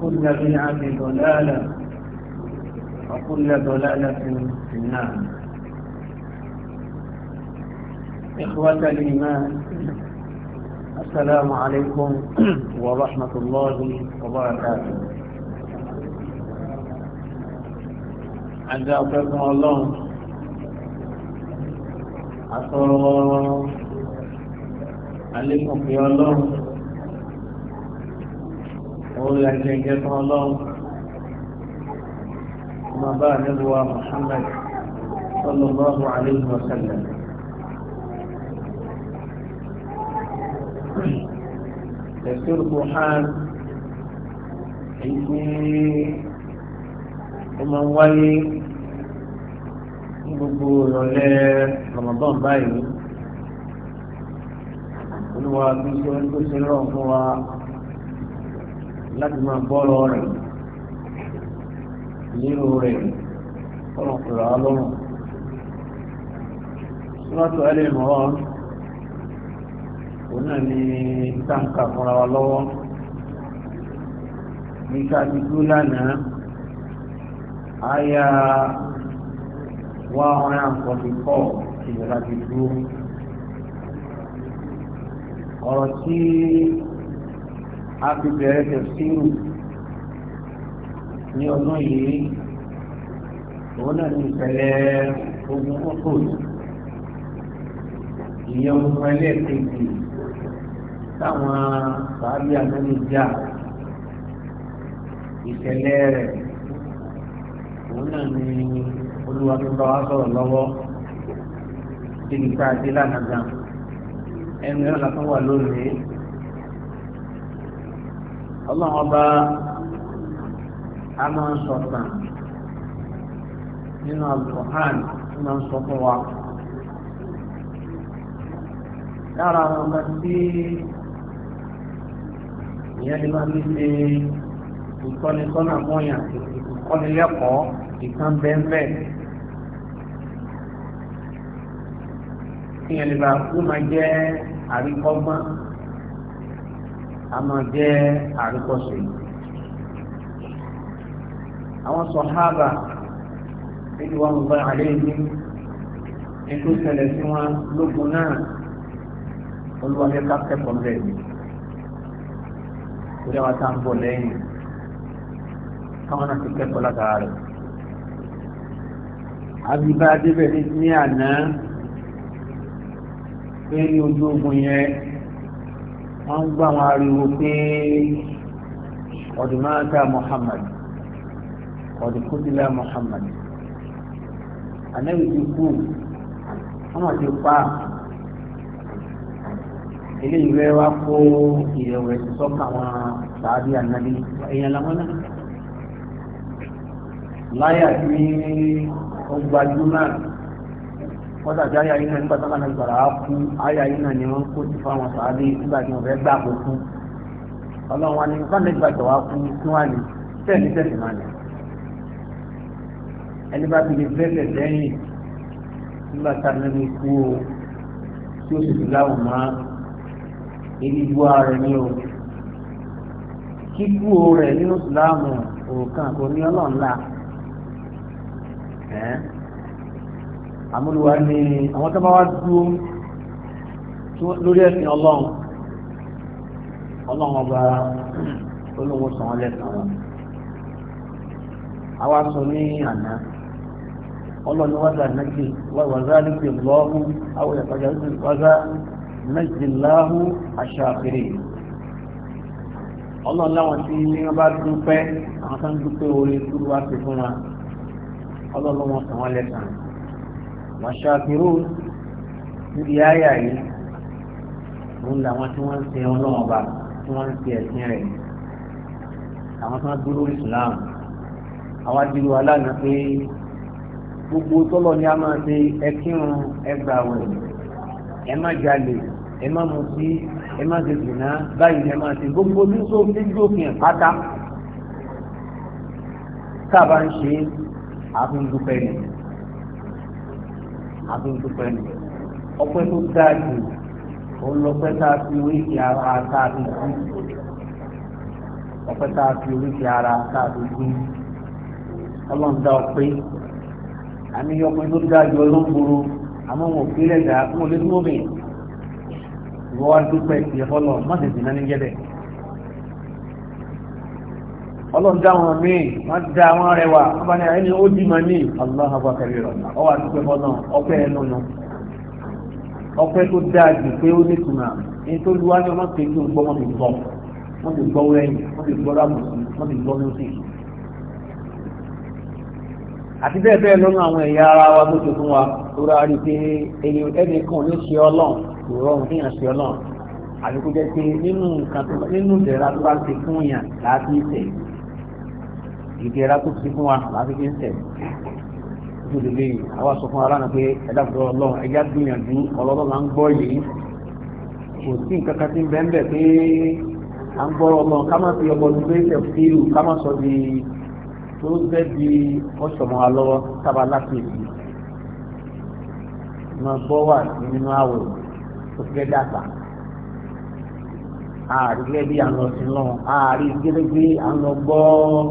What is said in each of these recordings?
كل بدعة ضلالة وكل ضلالة في النار إخوة الإيمان السلام عليكم ورحمة الله وبركاته أجابكم الله أصلا عليكم في الله orí ajẹ́jẹ́ tán ọlọ́run ọmọ bá níbuwa Muhammad sallallahu alayhi wa sallam tẹ̀síl buhari èyí tí ó máa ń wáyé ní gbogbo ìrọ̀lẹ́ Ramadan báyìí olúwa bí ó ń tó ṣe rọ̀ fún wa láti máa bọ́rọ̀ rẹ̀ lérò rẹ̀ ọ̀rọ̀ kùrọ̀ ọlọ́run sọ́tọ̀ òun náà ni táǹkà fúnra wa lọ́wọ́ ní ká ti dúró lánàá àyà one hundred and forty four dúró ọ̀rọ̀ tí a fi bẹ̀rẹ̀ tẹ̀síìrù ní ọdún yìí òun náà ní ìpẹ̀lẹ̀ ogun kókò ìyẹn ogun ẹlẹ́ẹ̀kejì táwọn bàálù àgbẹ̀mí jà ìṣẹ̀lẹ̀ rẹ̀ òun náà ní olúwa tó bá wa sọ̀rọ̀ lọ́wọ́ tí kìí ká lánàá gan ẹnu ẹ̀rọ làtọ́ wà lónìí ọlọ́run ọba a máa ń sọ̀tàn nínú alùpùpù tó máa ń sọ fún wa. lára àwọn ọba tí ìyẹn ti máa ń ṣe ìtọ́nisọ́nà mọ́yàn ìkọ́nilẹ́kọ̀ọ́ ìkan bẹ́ẹ̀ ìyẹn lè bá kú máa jẹ́ àríkọ́gbọ́n a máa jẹ́ àríkọ́ṣe àwọn sọ̀hábà nínú wọn bá àléébí ètò ìṣẹ̀lẹ̀ sí wọn lógun náà olùwàlẹ̀ kápẹ́kọ̀ọ́ bẹ́ẹ̀ ni ìrẹ́ wa tá ń bọ̀ lẹ́yìn káwọn náà ti kẹ́kọ̀ọ́ látara rẹ̀ àbí bá débẹ̀ ní àná pé ní ojú ogun yẹn wọ́n ń gbọ́ àwọn ariwo pé ọ̀dùmáàtà Muhammad ọ̀dùkúdìlá Muhammad ànábì ti kú wọ́n máa ti pa eléyìí rẹ wá kó ìrẹ̀wẹ̀sì sọ́kà wọn sàádì ànábì èèyàn làwọn náà láyà tí ó gbajúmọ̀ wọ́n tàbí àyà yìí náà nígbà tó kànáà gbàrà á kú àyà yìí náà ni wọ́n kó ti fáwọn sàádé nígbà tí wọ́n fẹ́ gbà kó kú ọlọ́run wa ni báńdé gbàgbà wa kú kí wọ́n á ní tẹ́ẹ̀lì tẹ́ẹ̀lì máa ní. ẹni bá fi lè fẹ́ẹ̀fẹ́ sẹ́yìn nígbà tá a nẹ́ni kú o tí ó sì fi láwùn mọ́ èyí ju ara ní o kíkú o rẹ̀ nínú ìsìláàmù òkàn kò ní ọlọ́run lá ẹ́ àmúlùwà ni àwọn tó bá wá dúró lórí ẹ̀sìn ọlọ́run ọlọ́run ọba olóhùn sàn án lẹ́sàn án àwa sọ ní àná ọlọ́run wá dà nàkì wàzá nìkì lọ́hùn àwọn ìpàdé wàzá nàkì láhùn àṣà àpèrè ọlọ́run láwọn tí wọ́n bá dúpẹ́ àwọn tó ń dúpẹ́ orí kúrú wá sí fún wa ọlọ́run wọn sàn án lẹ́sàn án wàṣàkìrún níbi àyà yìí òun làwọn tí wọ́n ń ṣe ọlọ́run ọba tí wọ́n ń ṣe ẹ̀sìn rẹ̀ àwọn tí wọ́n dúró Islam àwọn adìrú aláàánú pé gbogbo tọ́lọ̀ ni a máa ṣe ẹkírun ẹgbàwẹ̀ ẹ má jalè ẹ má mutí ẹ má ṣe dùnà báyìí ni ẹ má ṣe gbogbo tí tó fi jókìn pátá tá a bá ń ṣe àfihàn dúpẹ́ nìyẹn àti ìdúpẹ́ nù ọpẹ́ tó dáa jù òun lọpẹ́ tá a fi oríṣi ara tá a fi kú ọpẹ́ tá a fi oríṣi ara tá a fi kú ọlọ́run dá ọpẹ́ àníyàn ọpẹ́ tó dáa jù ọlọ́gbòrò àmọ́ wọn ò fi lẹ́dàá fún olóṣùwọ̀n mi ìwọ́n wá dúpẹ́ tiẹ̀ fọlọ́ má náà ní jẹ́ ọlọ́dá wọn míì wọ́n dá wọn rẹwà wọ́n ẹni ó di mọ̀ ní aláhàbà kẹrì ọ wà dúpẹ́ ọpẹ́ ẹnu ọpẹ́ tó dáa jù pé ó ní tùnà tó lu wájú ń gbọ́ wọn gbọ́ wọn gbọ́ wẹ́yìn wọn gbọ́ wọn gbọ́ àti bẹ́ẹ̀ bẹ́ẹ̀ lọ́nà àwọn ẹ̀yà ara wa tó ti fún wa tó rà rí pé ẹnì kan ní ṣe ìdẹ̀ra tó ti fún wa láti fi ń tẹ̀ tó lè léyìn àwa sọ fún aláàánú pé ẹ̀dá fún ọlọ́run ẹ̀yà gbìyànjú ọlọ́run là ń gbọ́ yìí kò sí nǹkan kan tí ń bẹ́ẹ̀ pé à ń gbọ́ ọlọ́run ká má fi ọbọ̀ lórí ẹsẹ̀ fílù ká má sọ di tó bẹ́ di ọ̀ṣọ̀mọ́ alọ́wọ́ sábà láti èyí máa gbọ́ wà nínú àwẹ̀ tó fẹ́ dàgbà ààrí gẹ́gẹ́ bí àwọn ọ̀sìn lọ́wọ́ ààrí gẹ́gẹ́ bí àwọn ọgbọ́n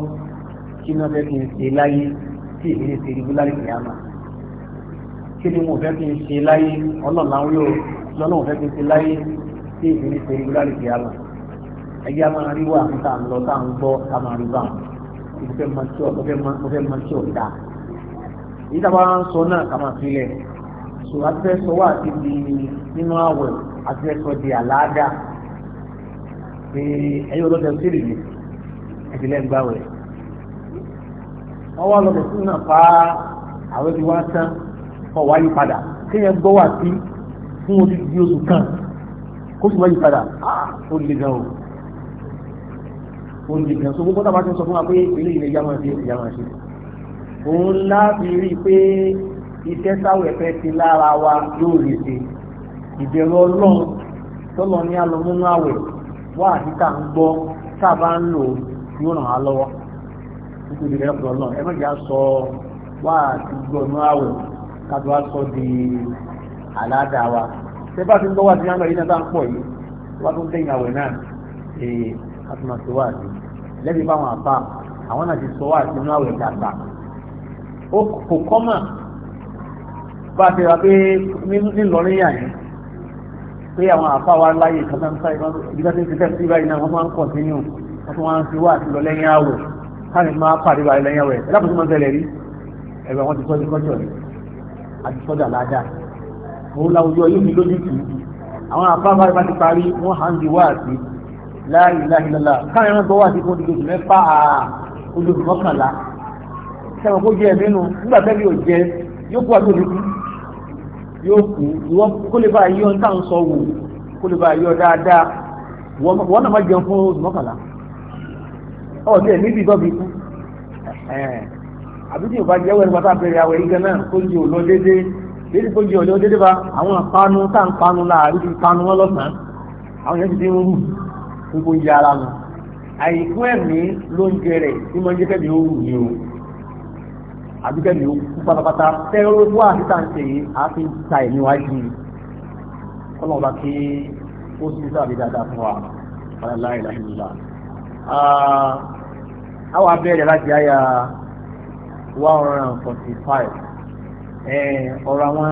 kí ni wọ́n fẹ́ kí n ṣe láyé tí èmi ní ṣèlú láyé kì á mà kí ni wọ́n fẹ́ kí n ṣe láyé ọlọ́ọ̀lá ń yóò lọ́nà wọ́n fẹ́ kí n ṣe láyé tí èmi ní ṣèlú láyé kì á a máa rí wà níta ń lọ tá à ń gbọ́ ká máa rí bá wọn mo fẹ́ máa tí mo fẹ́ máa tí ọ̀dà èyí tá a bá ń sọ náà ká máa fi lẹ̀ so a fẹ́ sọ wá àti di nínú àwẹ̀ a fẹ́ sọ di àlàáda pé ọlọ́dẹ sílẹ̀ yìí wọ́n wá lọ́dọ̀ sí náà pa àwọn ibi wá tán kọ́ wá yí padà kéèyàn gbọ́ wà sí fún odidi oṣù kan kó sì wá yí padà ó le gan o ó le gan so gbogbo táwọn ti sọ fún wa pé ilé ilẹ̀ ìyá máa ṣe ìyá máa ṣe òun láti rí i pé iṣẹ́ táwọn ẹ̀fẹ́ ti lára wa yóò lè ṣe ìbẹ̀rù ọlọ́run tọ́lọ ní alọ́múnú àwẹ̀ wá àti tá à ń gbọ́ tá a bá ń lò yóò ràn á lọ́wọ́ nítorí ẹ̀rọ náà ẹ mọ̀jà sọ wá àti gbọ̀nú àwẹ̀ kájọ wá sọ di àládà wa ṣé bá ti ń lọ́wọ́ àti yánà yìí náà bá ń pọ̀ yìí wá tó ń tẹ̀yìn àwẹ̀ náà ee àtúnà sí wá àti lẹ́bi báwọn àbá àwọn náà ti sọ wá àti inú àwẹ̀ dàgbà ó kò kọ́mà bá a ti rà pé nílọrin yà yín pé àwọn àbá wa láyè kan náà ń sáré ibi tó ti fẹ́ sí báyìí náà wọ́n máa ń kọ̀ntínú wọ́n tún wá ń fi wá àti lọ káàní máa pàdé wa ilẹ̀ yẹn wẹ̀ ẹ lápò tó máa ń tẹ̀lé rí ẹ̀rọ wọn ti sọ́jú kọ́jọ́ rẹ̀ àti sọ́jà ládàá òun láwùjọ yóò fi lójú tì í àwọn afáfá ìbá ti parí wọ́n hàn dì wá àti láì láì lọ́la káàní wọn gbọ́ wá sí fún oṣù mẹ́fà oṣù mọ́kànlá sẹ́wọ̀n kó jẹ́ ẹ̀mí nu nígbà tẹ́lẹ̀ yóò jẹ yóò kú àti òdìkú yóò kú ìwọ kó lè bá yọ ní táwọn sọ wò kó lè bá yọ dáadáa wọ́n náà má jẹun fún oṣù mọ́kànlá ọ̀ ní ẹ̀mí bíbọ́ bí kú àbí tí ìbá jẹ́wọ́ ẹni pátá bẹ̀rẹ̀ àwẹ̀ yìí gan-an kó jẹ́ òlò dédé dédé kó jẹ́ òlò dédé bá àwọn àpanu tá à ń panu láàrin ti panu wọn lọ́sàn-án àwọn yẹn ti dín ara nù àìkú ẹ̀mí ló ń jẹ rẹ̀ tí mo ń jẹ́ kẹ́mi o àbí kẹ́mi kú pátápátá ń fi ń ta ẹ̀mí wá jù kí àwọn ah, abẹ́rẹ́ láti àyà one hundred and forty five eh, ọ̀rọ̀ àwọn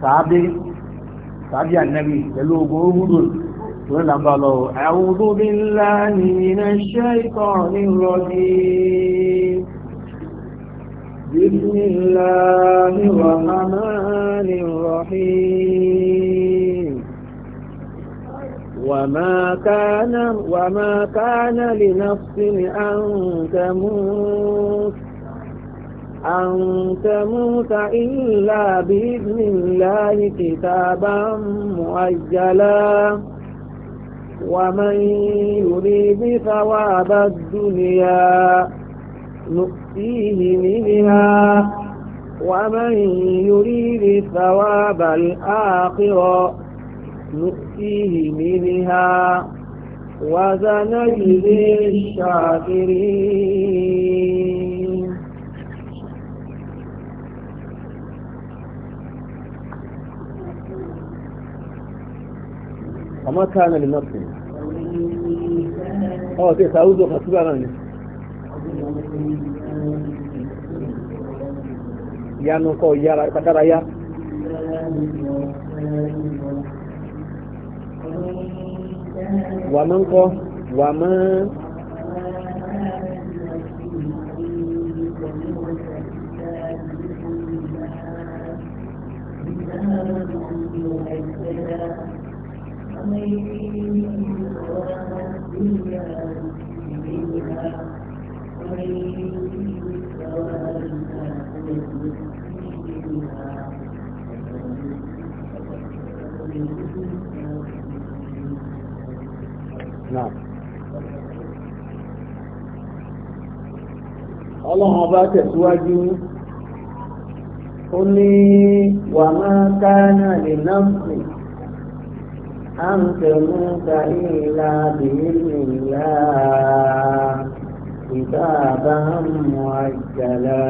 sàábé sàábé ànábì pẹ̀lú ogun ogúndò tó ń làbà lọ. A'udhu billahi minash shaitanir rajim. Bismillahir rahmanir rahim. وما كان وما كان لنفس أن تموت أن تموت إلا بإذن الله كتابا مؤجلا ومن يريد ثواب الدنيا نؤتيه منها ومن يريد ثواب الآخرة نؤتيه منها وسنجزي الشاكرين وما كان لنفسه اه تسعود وخطيبة غني يا نقول يا تكرا يا wà máa ń Thank you. náà. ọlọ́run ọba tẹ̀síwájú ó ní wà máa ká náà lè náàfin à ń tẹ̀mú ta ìlà bìíní ìlà ìta bá ń mú àjàlá.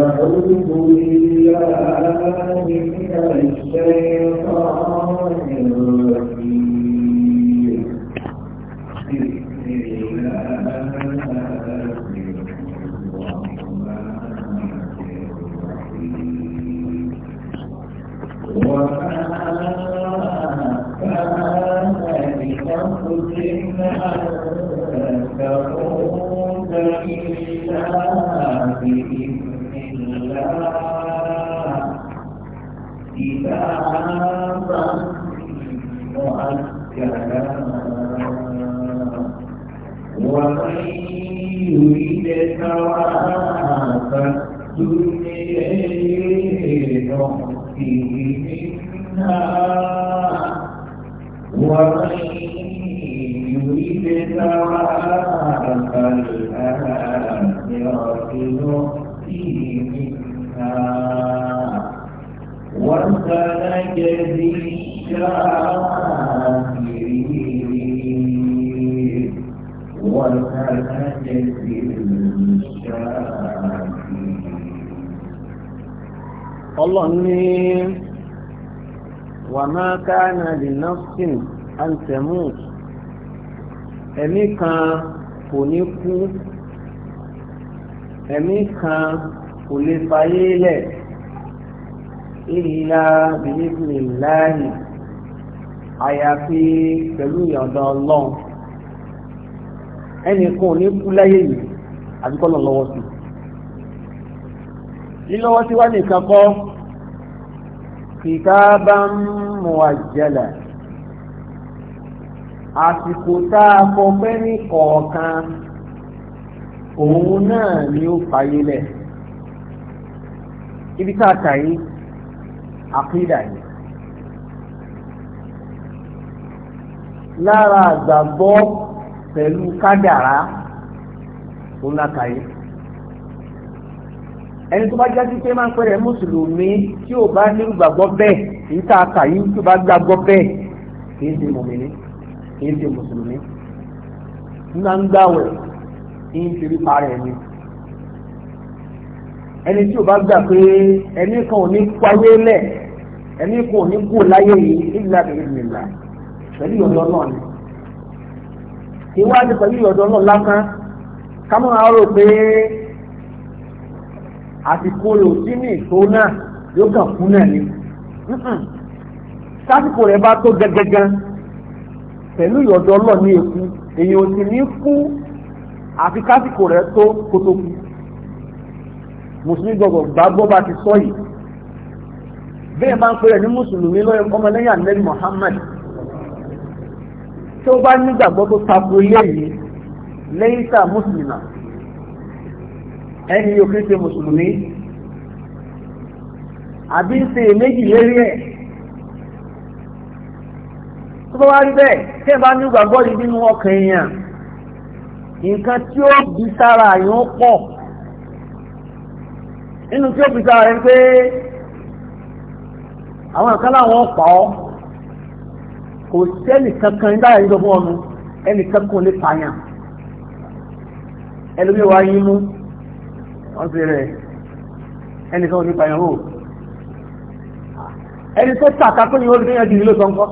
أعوذ بالله من الشيطان الرجيم do الظالمين وما كان لنفس أن تموت ẹ̀mí kan kò ní kú ẹ̀mí kan kò lè fayé lẹ̀ ìlà bìlíbìlì láàyè àyàfi pẹ̀lú ìyọ̀dọ̀ ọlọ́run ẹnì kan ò ní kú láyé yìí àbíkọ́ lọ́wọ́ sí i lílọ́wọ́ sí wá nìkan kọ́ kìtàbà mùwàjẹlẹ àsìkò tá a kọ pé ní kọ̀ọ̀kan òun náà ni ó fàyè lẹ̀ ibi tá a kà yí àkídà yìí lára àgbàgbọ́ pẹ̀lú kádàrá òun la kà yìí ẹni tó bá jáde pé máa ń pẹ́rẹ́ mùsùlùmí tí ò bá nírú gbàgbọ́ bẹ́ẹ̀ kì í tààkà yìí tó bá gbàgbọ́ bẹ́ẹ̀ kì í ṣe mùmìnì kì í ṣe mùsùlùmí nígbà ń gbàwẹ̀ kì í ṣe rí parẹ́ mi ẹni tí o bá gbà pé ẹni kan ò ní kwáyé lẹ̀ ẹni kan ò ní kú láyé yìí nígbà tó yẹ là pẹ̀lú ìyọ̀dọ̀ náà ni. ìwádìí pẹ̀lú ìyọ̀dọ̀ náà lásán ká mọ́ àárò pé àsìkò rẹ̀ ò sí ní ìtò náà yóò kàn kú náà ni sásìkò rẹ̀ bá tó gẹ́gẹ́gẹ́ pẹ̀lú ìyọ̀dọ̀ ọlọ́ ní èkú èyàn ò sì ní kú àfi kásìkò rẹ̀ tó kótó kú mùsùlùmí gbọ̀gbọ̀ gbàgbọ́ bá ti sọ yìí bẹ́ẹ̀ máa ń pè rẹ̀ ní mùsùlùmí lọ́yọ̀ ọmọlẹ́yìn ànẹ́bí Muhammad tó bá nígbàgbọ́ tó tako ilé yìí lẹ́yìn tá mùsùlùmí náà ẹni yóò kí ṣe mùsùlùmí àbí ń ṣe méjì lérí ẹ̀ tó bá wá rí bẹ́ẹ̀ tí ẹ bá ní gbàgbọ́ yìí nínú ọkàn èèyàn nǹkan tí ó bí sára yìí ó pọ̀ nínú tí ó bí sára rẹ̀ pé àwọn nǹkan láwọn pa ọ́ kò sí ẹnì kankan nígbà yìí lọ fún ọnu ẹnì lè pààyàn ẹlòmíwá yín mú ọ̀sẹ̀ rẹ̀ ẹnìkan ò ní pàyàn hù ẹni tó tàkà pé yóò rí ẹjù nílò sọ́nkọ́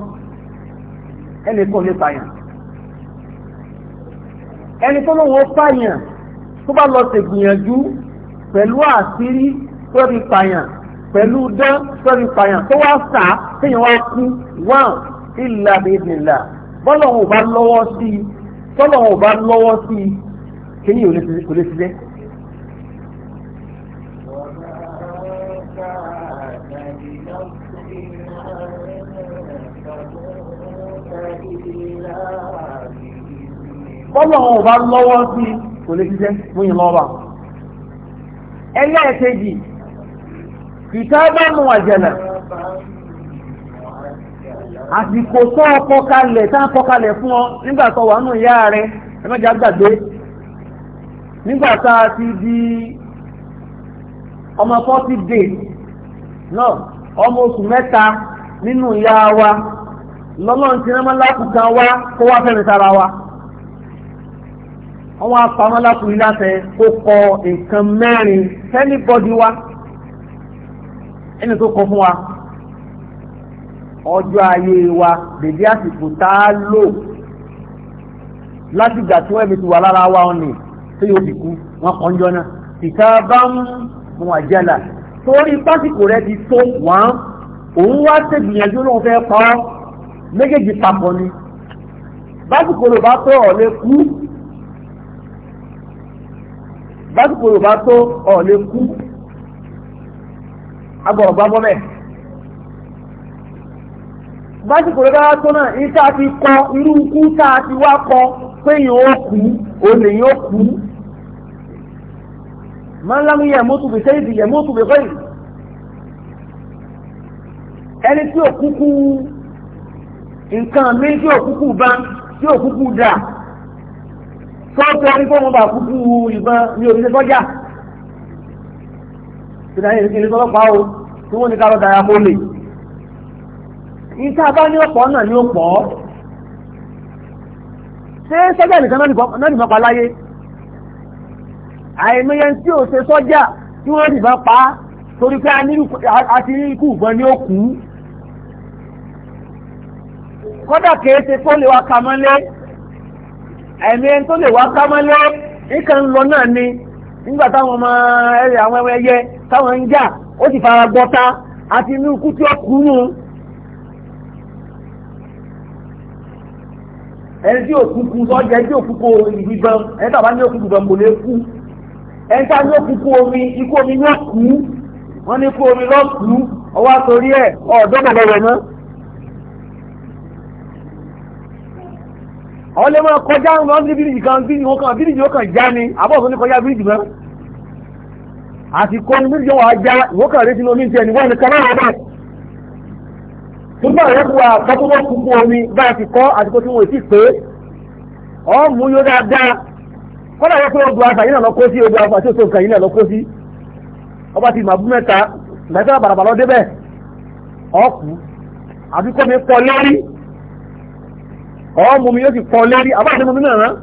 ẹnìkan ò ní pàyàn ẹni tó lóun ó pàyàn tó bá lọ sí gbìyànjú pẹ̀lú àṣírí tó fi pàyàn pẹ̀lú dán tó fi pàyàn tó wá sà téèyàn wá kú wọ́n ìlà bèbèlà bọ́lọ̀ wọn ò bá lọ́wọ́ sí i tọ́lọ̀ wọn ò bá lọ́wọ́ sí kí ni kò lè ti tọ́lọ̀ ò bá lọ́wọ́ sí kò lè ṣiṣẹ́ fún yìí lọ́wọ́ ẹlẹ́ẹ̀kejì kìtàbánu àjẹ̀nà àsìkò tó ọkọ̀ kalẹ̀ tá ọkọ̀ kalẹ̀ fún ọ nígbà wà nù ìyá rẹ ẹ gbàgbé ti di ọmọ days náà ọmọ oṣù mẹ́ta nínú ìyá wa lọ́lọ́run ti rán wọ́n wá pamọ́ lákùnrin láṣẹ kó kọ nǹkan mẹ́rin fẹ́nìbọ́dì wa ẹni tó kọ fún wa ọjọ́ ayé wa dèdé àsìkò tá a lò láti gbà tí wọ́n ẹ̀mí ti wà lára wa ọ̀nì tí yóò fi kú wọ́n kọ́ ń jọ náà ìka bá ń mu àjẹlà torí pásìkò rẹ ti tó wọ́n òun wá ṣègbìyànjú lóun fẹ́ pa ọ́ méjèèjì papọ̀ ni pásìkò rẹ bá tọ̀ ọ́ lé kú básìkò yorùbá tó ọ̀lẹ́ kú agbọ̀rọ̀ bá bọ́ bẹ́ẹ̀ básìkò yorùbá tó náà iṣẹ́ àti kọ irú ikú tá a ti wá kọ pé yìí ó kú olè yìí ó kú máa ń lámú yẹ mọ́tò bẹ̀ sẹ́yìn yẹ mọ́tò bẹ̀ kọ́yìn ẹni tí ò kúkú nǹkan mi tí ò kúkú bá tí ò kúkú dáa tó tó ní fóun bá kúkú ìbọn ní orílẹ̀ sọ́jà ìdáyé ìrìnkiri sọ́lọ́pàá o tí wọ́n ní ká lọ dára mọ́ lè ìta bá ní ọ̀pọ̀ náà ní ọ̀pọ̀ ṣé sọ́jà nìkan náà nìkan pa láyé àìmọye tí ò ṣe sọ́jà tí wọ́n nìkan pa torí pé a ti rí ikú ìbọn ní òkú kódà kèé ṣe kó lè wa kà mọ́lé ẹ̀mí ẹni tó lè wá kámọ́lé nǹkan lọ náà ni nígbà táwọn ọmọ ẹ̀rẹ̀ àwọn ẹwẹ́ ẹyẹ táwọn ń jà ó sì fara gbọ́ta àti inú ikú tí ó kú nù. ẹni tí òkùnkùn sọ́jà ẹni tí òkùnkùn ìbíbọn ẹni tàbá ní òkùnkùn ìbọn kò lè kú ẹni tá ní òkùnkùn omi ikú omi ní ọ̀kú wọ́n ní ikú omi lọ́kùú ọwọ́ àtòrí ẹ̀ ọ̀ọ́dọ́gbọ̀gbọ̀ rẹ̀ náà. Ọ lè máa kọjá wọn ní bíríjì kan bíríjì wọn kan bíríjì wọn kan já ni àbọ̀sọ̀ ní kọjá bíríjì mọ́ àti kọ́ ni bíríjì wọn já ìwọ́n kan rétí lómi tiẹ̀ níwọ́n ní kanáà náà túbọ̀ rẹ̀ wà kọ́tọ́wọ́ kúkú omi bá a ti kọ́ àti kó tí wọ́n ti pé ọ́ mú yóò dáadáa kọ́dà wọ́n pé odò àfà yìí lọ kó sí odò àfà ọba ti màbú mẹ́ta ọ̀ọ́ mumi yóò sì pọ̀ lérí àbáṣe mumi náà rán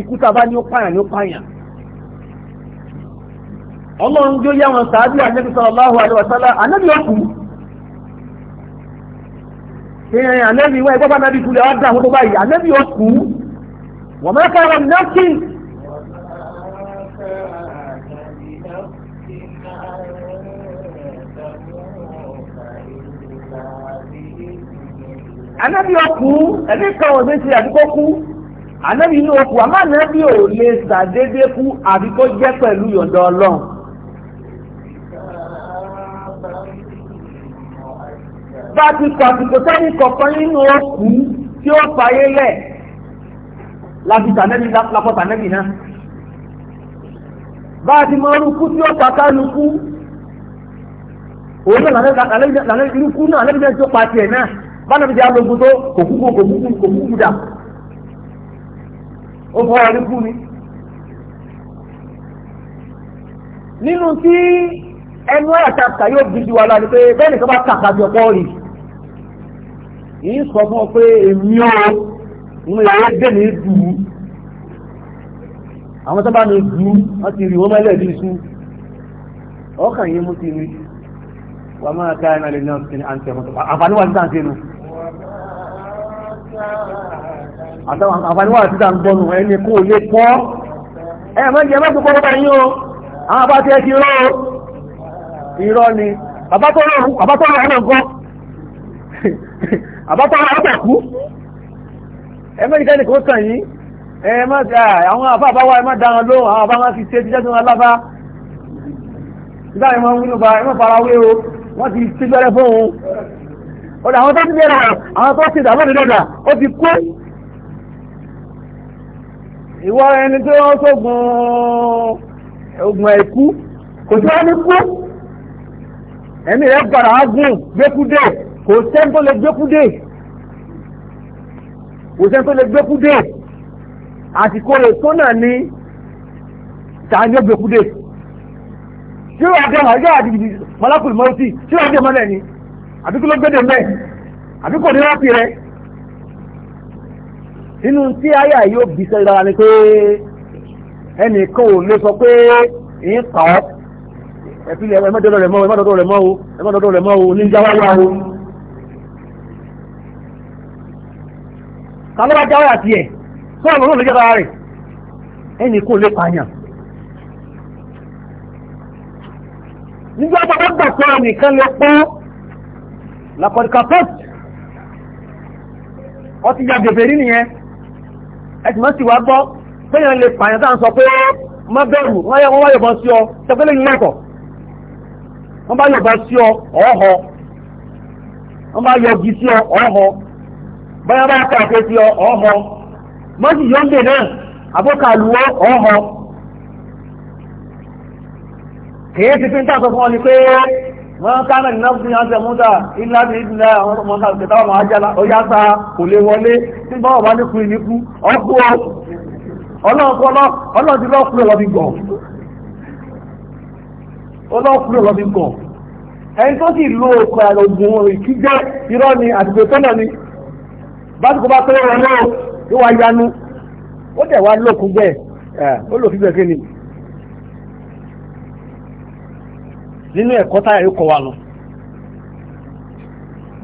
ikú tàbá ni ó pààyàn ni ó pààyàn ọlọ́run jó yá wọn sàájú ànábì sallallahu alaihi wasallam ànábì ó kú ìrìn ànábì wọn ẹgbẹ́ bá nábì kulẹ̀ wá dáhùn tó báyìí ànábì ó kú wọ́n mẹ́ta wọn náà kí anabi ọkù ẹbí kan ò ní ti àdúgbò kú anabi ní ọkù àmọ́ anabi ò lè sàdédé kú àbí kó jẹ́ pẹ̀lú yọ̀ǹda ọlọ́run. báàbí kọ̀sìkò sẹ́ni kọ̀ọ̀kan nínú ọkù tí ó fàyè lẹ̀ láti sànẹ́bí lápọ̀ sànẹ́bí náà. báàbí mọ orúkú tí ó pa kálukú òun náà lànà irúkú náà lẹ́bí náà tí ó pa tiẹ̀ náà bánàbí jẹ́ alógun tó kò kúkú kò kúkú kò kúkú dà ó fọ́ ọrí kú ni. nínú tí ẹnu àtàkà yóò bí ju la ni pé bẹ́ẹ̀ nìkan bá kàkà jọ pọ́ rí yìí sọ fún ọ pé èmi ò ń lè dé ní dùú àwọn tó bá ní dùú wọ́n ti rí wọ́n mẹ́lẹ̀ bí sùn ọkàn yìí mú ti rí wàá máa ká ẹ̀ náà lè ní ọ̀sìn àǹtẹ̀ mọ́tò àǹfààní wà ní tàǹtẹ̀ nù àtàwọn àǹfààní wà títà ń gbọ́nù ẹni kó lè pọ́ ẹ mọ́jì ẹ mọ́jì pọ́pọ́ yín o àwọn àbá tí ẹ rọ́ irọ́ ni àbátọ́rọ̀ ọ̀nà gan àbátọ́rọ̀ àbẹ̀kú ẹ mọ́jì kẹ́ni kó sàn yín ẹ mọ́jì àwọn àbá àbáwá ẹ má dáhùn lóhùn àwọn àbá má fi ṣe jíjẹ́ tó wọn lábá ìdáyẹ̀mọ́ wílùbá ẹ mọ́ farawé o wọ́n ti ti gbẹ́rẹ́ fóun ọ̀dọ̀ àwọn tó ti bẹ̀rẹ̀ àwọn tó ti dàbọ̀ dídọ̀dà ó ti kú ìwọ ẹni tó wọ́n sógun ogun ẹ̀kú kò tí wọ́n ní kú ẹ̀mí rẹ̀ gbọ́dọ̀ á gùn gbẹ́kúdé kò sẹ́ni tó lè gbẹ́kúdé kò sẹ́ni tó lè gbẹ́kúdé àsìkò rẹ̀ tó náà ní tààjọ́ gbẹ́kúdé tí ó wà dé màá yóò àdìgbì mọ́lákùnrin mọ́lẹ́sì tí ó wà dé ni àbí kí ló gbédè mẹ́ àbí kò ní rántí rẹ nínú tí àyà yóò bí sẹ́yìn dára ni pé ẹnìkan ò lè sọ pé èyí pa ọ́ ẹ̀fílẹ̀ ẹ̀mọ́dọ́dọ́ rẹ̀ mọ́ ẹ̀mọ́dọ́dọ́ rẹ̀ mọ́ o ẹ̀mọ́dọ́dọ́ rẹ̀ mọ́ o níjáwáyá o kálọ́wà jáwáyà ti ẹ̀ sọ́rọ̀ lọ́rọ̀ lójẹ́ bára rẹ̀ ẹnì kò lè pààyàn nígbà tó bá gbà sọ́rọ̀ nìkan lọ pọ́n lakọ̀dì kapot ọ ti ya bèbèrè nìyẹn ẹtì mọ́ sí wa gbọ́ péyàn lè pààyàn tá à ń sọ pé má bẹ̀rù wọ́n yẹ wọ́n wá yọ̀bọ̀n sí ọ tẹ́gbẹ́lẹ́ yìí lẹ́kọ̀ọ́ wọ́n bá yọ̀bọ̀n sí ọ ọ̀ọ́họ wọ́n bá yọ̀gì sí ọ ọ̀ọ́họ báyà bá kà pé sí ọ ọ̀ọ́họ mọ́sí yọ̀ǹdè náà àbókalùwọ́ ọ̀ọ́họ kèé ti fi ń tà sọ fún ọ ni pé wọ́n kánà ní náà fi ránṣẹ́ múta ilá ní ìdílé àwọn ọmọ kàkẹta ọmọ ajára ọyá ta kò lè wọlé tí bọ́ọ̀ bá níkú ìníkú ọkú ọlọ́ọ̀kọ́ ti lọ́ọ̀kúrẹ̀ lọ́bí gọ̀ ọlọ́ọ̀kúrẹ̀ lọ́bí gọ̀ ẹni tó sì lo òkú àrògùn ìkíjẹ́ irọ́ ni àtìgbè tọ́nà ni básìkò bá tọ́wọ́ wọn náà yóò wá yanu ó dẹ̀ wá nínú ẹ̀kọ́ tá àríkọ wa lọ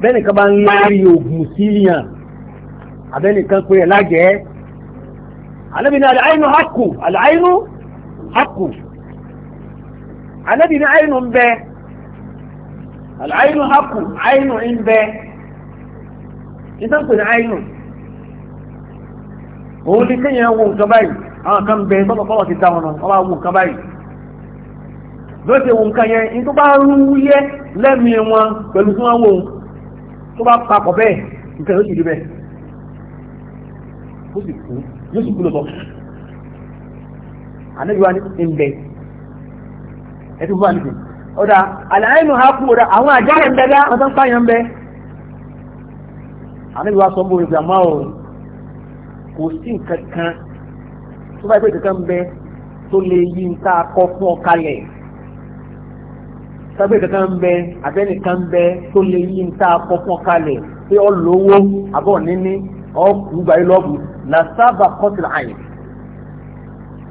bẹ́nìkan bá ń lérí oògùn síríyàn àbẹ́nìkan pé ẹ̀ lájẹ́ alẹ́bìnrin àlẹ́àínú hakù àlẹ́àínú hakù alẹ́bìnrin àínú ń bẹ àlẹ́àínú hakù àínú ń bẹ ìtànkùn ní àínú òun ti kéyàn wo nǹkan báyìí àwọn kan bẹ tọ́lọ̀kọ́lọ̀ ti dá wọn náà wọ́n wá wo nǹkan báyìí ló ṣe wù nǹkan yẹn ní tó bá rú yẹ lẹ́mìí wọn pẹ̀lú tí wọ́n wò ó tó bá papọ̀ bẹ́ẹ̀ nǹkan yóò sì rí bẹ́ẹ̀ ó sì kú yóò sì kú lọ́tọ̀ ànábìwá ní ìbẹ̀ ẹ ti fún wa nìkan ọ̀dà àlàáìnù ha kú ọ̀dà àwọn àjáyẹ̀ ń bẹ́gá ọ̀tọ́ ń pààyàn ń bẹ́ àníbi wa sọ bó ìgbà máa ò kò sí nǹkan kan tó bá ìpè kankan ń bẹ tó lè yí ń tá a fún ọ sọgbẹ́ kankan ń bẹ abẹ́nìkan ń bẹ tó lè yí níta pọ́pọ́n kalẹ̀ pé ọ lówó abọ́ níní ọ kú báyìí lọ́ọ̀bù làṣàbà kọ́tìlá àyè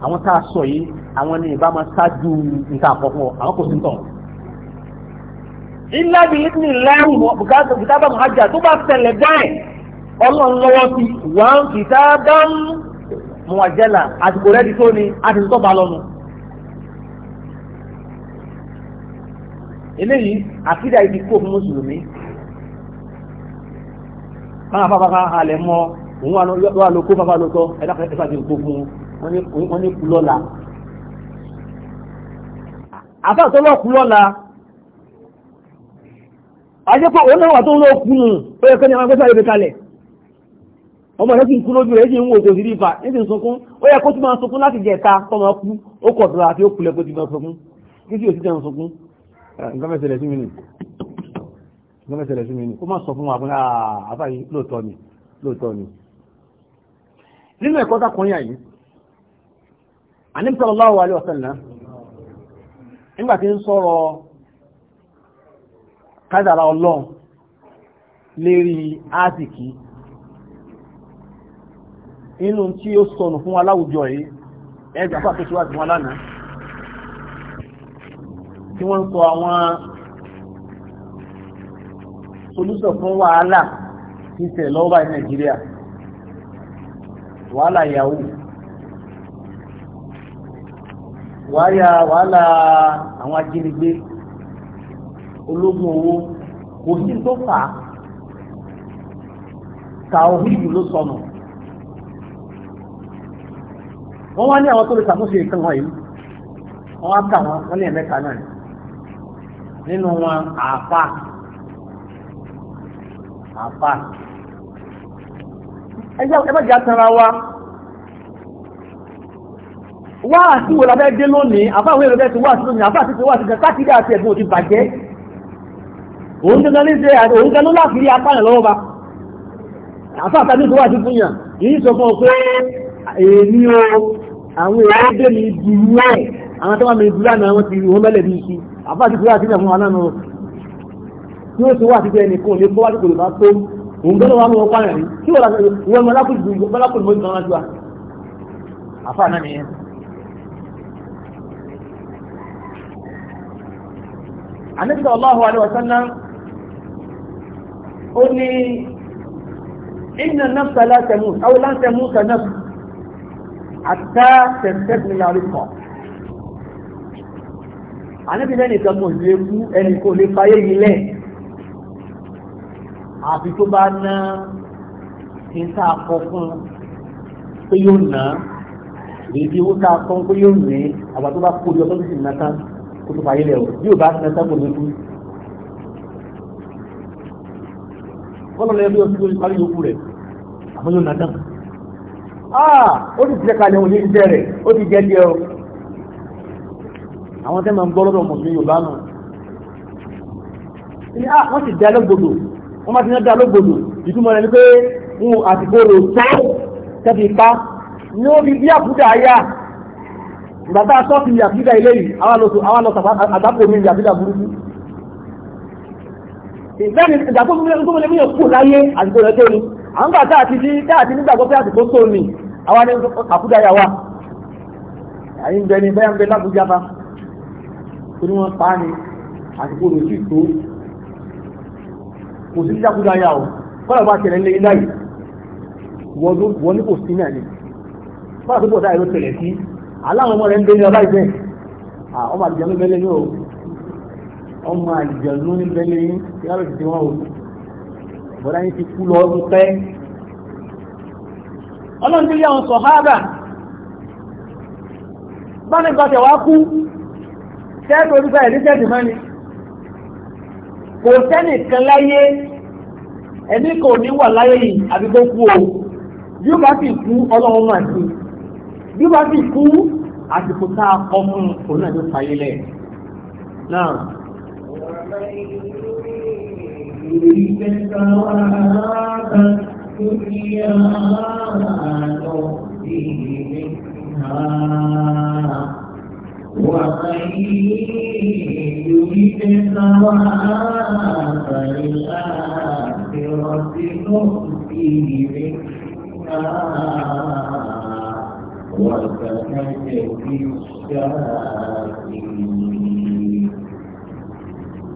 àwọn tá a sọ yìí àwọn ni ìbá máa ṣáájú níta pọ́pọ́n àwọn kò sí tán. ilá bíi ní lẹ́rù bùkátà mọ̀hájà tó bá ṣẹlẹ̀ bẹ́ẹ̀ ọlọ́run lọ́wọ́ ti wọ́n kìtà dán mọ̀wájẹ́là àtìkò rẹ́dí tó ni àtìkò tó bá lọ́nu. eléyìí àkídà ibi kó fún mùsùlùmí káwọn afáfá kan halẹ̀ mọ́ òun wà ló kó fáfá ló tọ́ ẹ̀dáfẹ́ ẹ̀fà ti kó fún wọn ní kú lọ́la àfà tó lọ́kú lọ́la ajẹ́ pé òun náà wà tó lọ́kú nù ó yẹ kẹ́ni àwọn agbẹ́sà ibi kalẹ̀ ọmọ rẹ̀ sì ń kú lójú rẹ̀ sì ń wo òkè sí rífà ní ti ń sunkún ó yẹ kó tún máa sunkún láti jẹta kọ́ máa kú ó kọ̀ dọ̀rọ̀ àti ó kulẹ̀ kó ti máa sunkún títí òsì tẹ̀ ń sunkún nǹkan fẹ́ ṣẹlẹ̀ sí mi nì nǹkan fẹ́ ṣẹlẹ̀ sí mi nì kó má sọ fún wa fún ah, àbáyé lóòótọ́ ni lóòótọ́ ni nínú ẹ̀kọ́ tákùnrin àyí àníbìsọ̀lọ́wọ́ alẹ́ ọ̀sẹ̀lá nígbàtí ń sọ̀rọ̀ kádàrà ọlọ́run lérí áàtìkì inú tí ó sọnù fún aláwùjọ yìí ẹgbàfà tó ṣíwájú wọn lánàá tí wọ́n ń sọ àwọn solúsọ̀ fún wàhálà tí ń tẹ̀ lọ́wọ́ báyìí Nàìjíríà wàhálà yahoo wàhálà wàhálà àwọn ajínigbé ológun owó kò sí tó fà á tàwíìlú ló sọnù wọ́n wá ní àwọn tó lè ṣàmúnṣe ìkan wọ̀nyí wọ́n á kà wọ́n wọ́n ní ẹ̀mẹ́ta náà nínú wọn àáfà àáfà ẹ bá jẹ́ àtàrà wa wá àti wò lábẹ́ dé lónìí àfáwọn èrò bẹ́ẹ̀ ti wá àti lónìí àfáà ti ti wá àti gan káàkiri àti ẹ̀gbọ́n ti bàjẹ́ òun gangan ní ṣe òun gan ló láàfin apáyàn lọ́wọ́ bá àfáà tàbí tó wà sí fún yàn yìí sọ fún ọ pé èmi o àwọn èrò bẹ́ẹ̀ mi dùn ẹ̀ àwọn tó wà mí ìdúrà náà wọ́n ti wọ́n mẹ́lẹ̀ bí iṣi àbá ti fúra sílẹ̀ fún wa náà tí ó ti wà síbẹ̀ nìkan lè bọ́ wá síkò lè bá tó òun gbọ́dọ̀ wà mọ́ pààyàn rí tí wọ́n lásán ìwọ́n mọ́ lápòjù mọ́lápòjù mọ́jú kan wa àfa náà nìyẹn. ànábì sallallahu alaihi wasallam ó ní inna nafsa la tamut aw lan tamuta nafs hatta tẹ̀sẹ̀ ànábì lẹ́nìkan mọ̀ lè kú ẹnì kò lè fayé yìí lẹ̀ àfi tó bá ná kí n tá a kọ fún pé yóò ná èdè owó tá a kọ pé yóò rí àgbà tó bá kó jọ tó sì ná tán kó tó fayé lẹ̀ o bí ò bá ná tán kò lè kú. bọ́lá lẹ́yìn bí o ti kó parí yòókù rẹ̀ àmọ́ yóò ná tán. Ah, ó ti tẹ̀ kalẹ̀ òun ní ìjẹ́ rẹ̀ ó ti jẹ́ díẹ̀ o àwọn tẹ́ máa ń gbọ́ lọ́dọ̀ mùsùlùmí yorùbá nù ní à ah, wọ́n sì dá lọ́gbọ̀dọ̀ wọ́n máa ti dá lọ́gbọ̀dọ̀ ìtumọ̀ rẹ̀ ni pé wọn àsìkò rò tó tẹ́bi pa ní ó fi bí àbúdà ayá ìgbà tá a sọ́ fi àbúdà ilé yìí àwọn lọ àtàkùn mi àbúdà burúkú ìgbẹ́ni ìgbàgbọ́ tó mẹ́lẹ̀ míyàn kú láyé àsìkò rẹ̀ tó ní àwọn gbà tá àti ní tá àti nígbàgbọ́ pé àsìkò tó ní àwọn àbúdà yà wà àyíǹbẹ̀ni bẹ́ẹ̀ ń bẹ lábújá bá torí wọ́n pa á ní àsìkò rẹ̀ sì tó kò sí jákúdá yà ó kọ́lá bá tẹ̀lé lé láyìí wọ́n ní kò sí náà ni kọ́lá tó bọ̀ dáa ìlú tẹ̀lé sí aláwọn ọmọ rẹ̀ ń bẹ́lẹ̀ ọláì bẹ́ẹ̀ ọmọ àlùjọ ló bẹ́lẹ̀ yóò ọmọ àlùjọ ní bẹ́lẹ̀ yín yálò ti ti wọ́n o bọ́dá yín ti kú lọ ọdún pẹ́ ọlọ́run ti rí àwọn sọ̀háàbà bá nígbà tẹ̀ kú tẹ́rù orí báyìí máa ni kò láyé ẹni kò ní wà láyé yìí àbí kú o bí ó bá fi kú ọlọ́run máa sí bí ó bá fi kú àsìkò tá a kọ́ fún kò náà tó ومن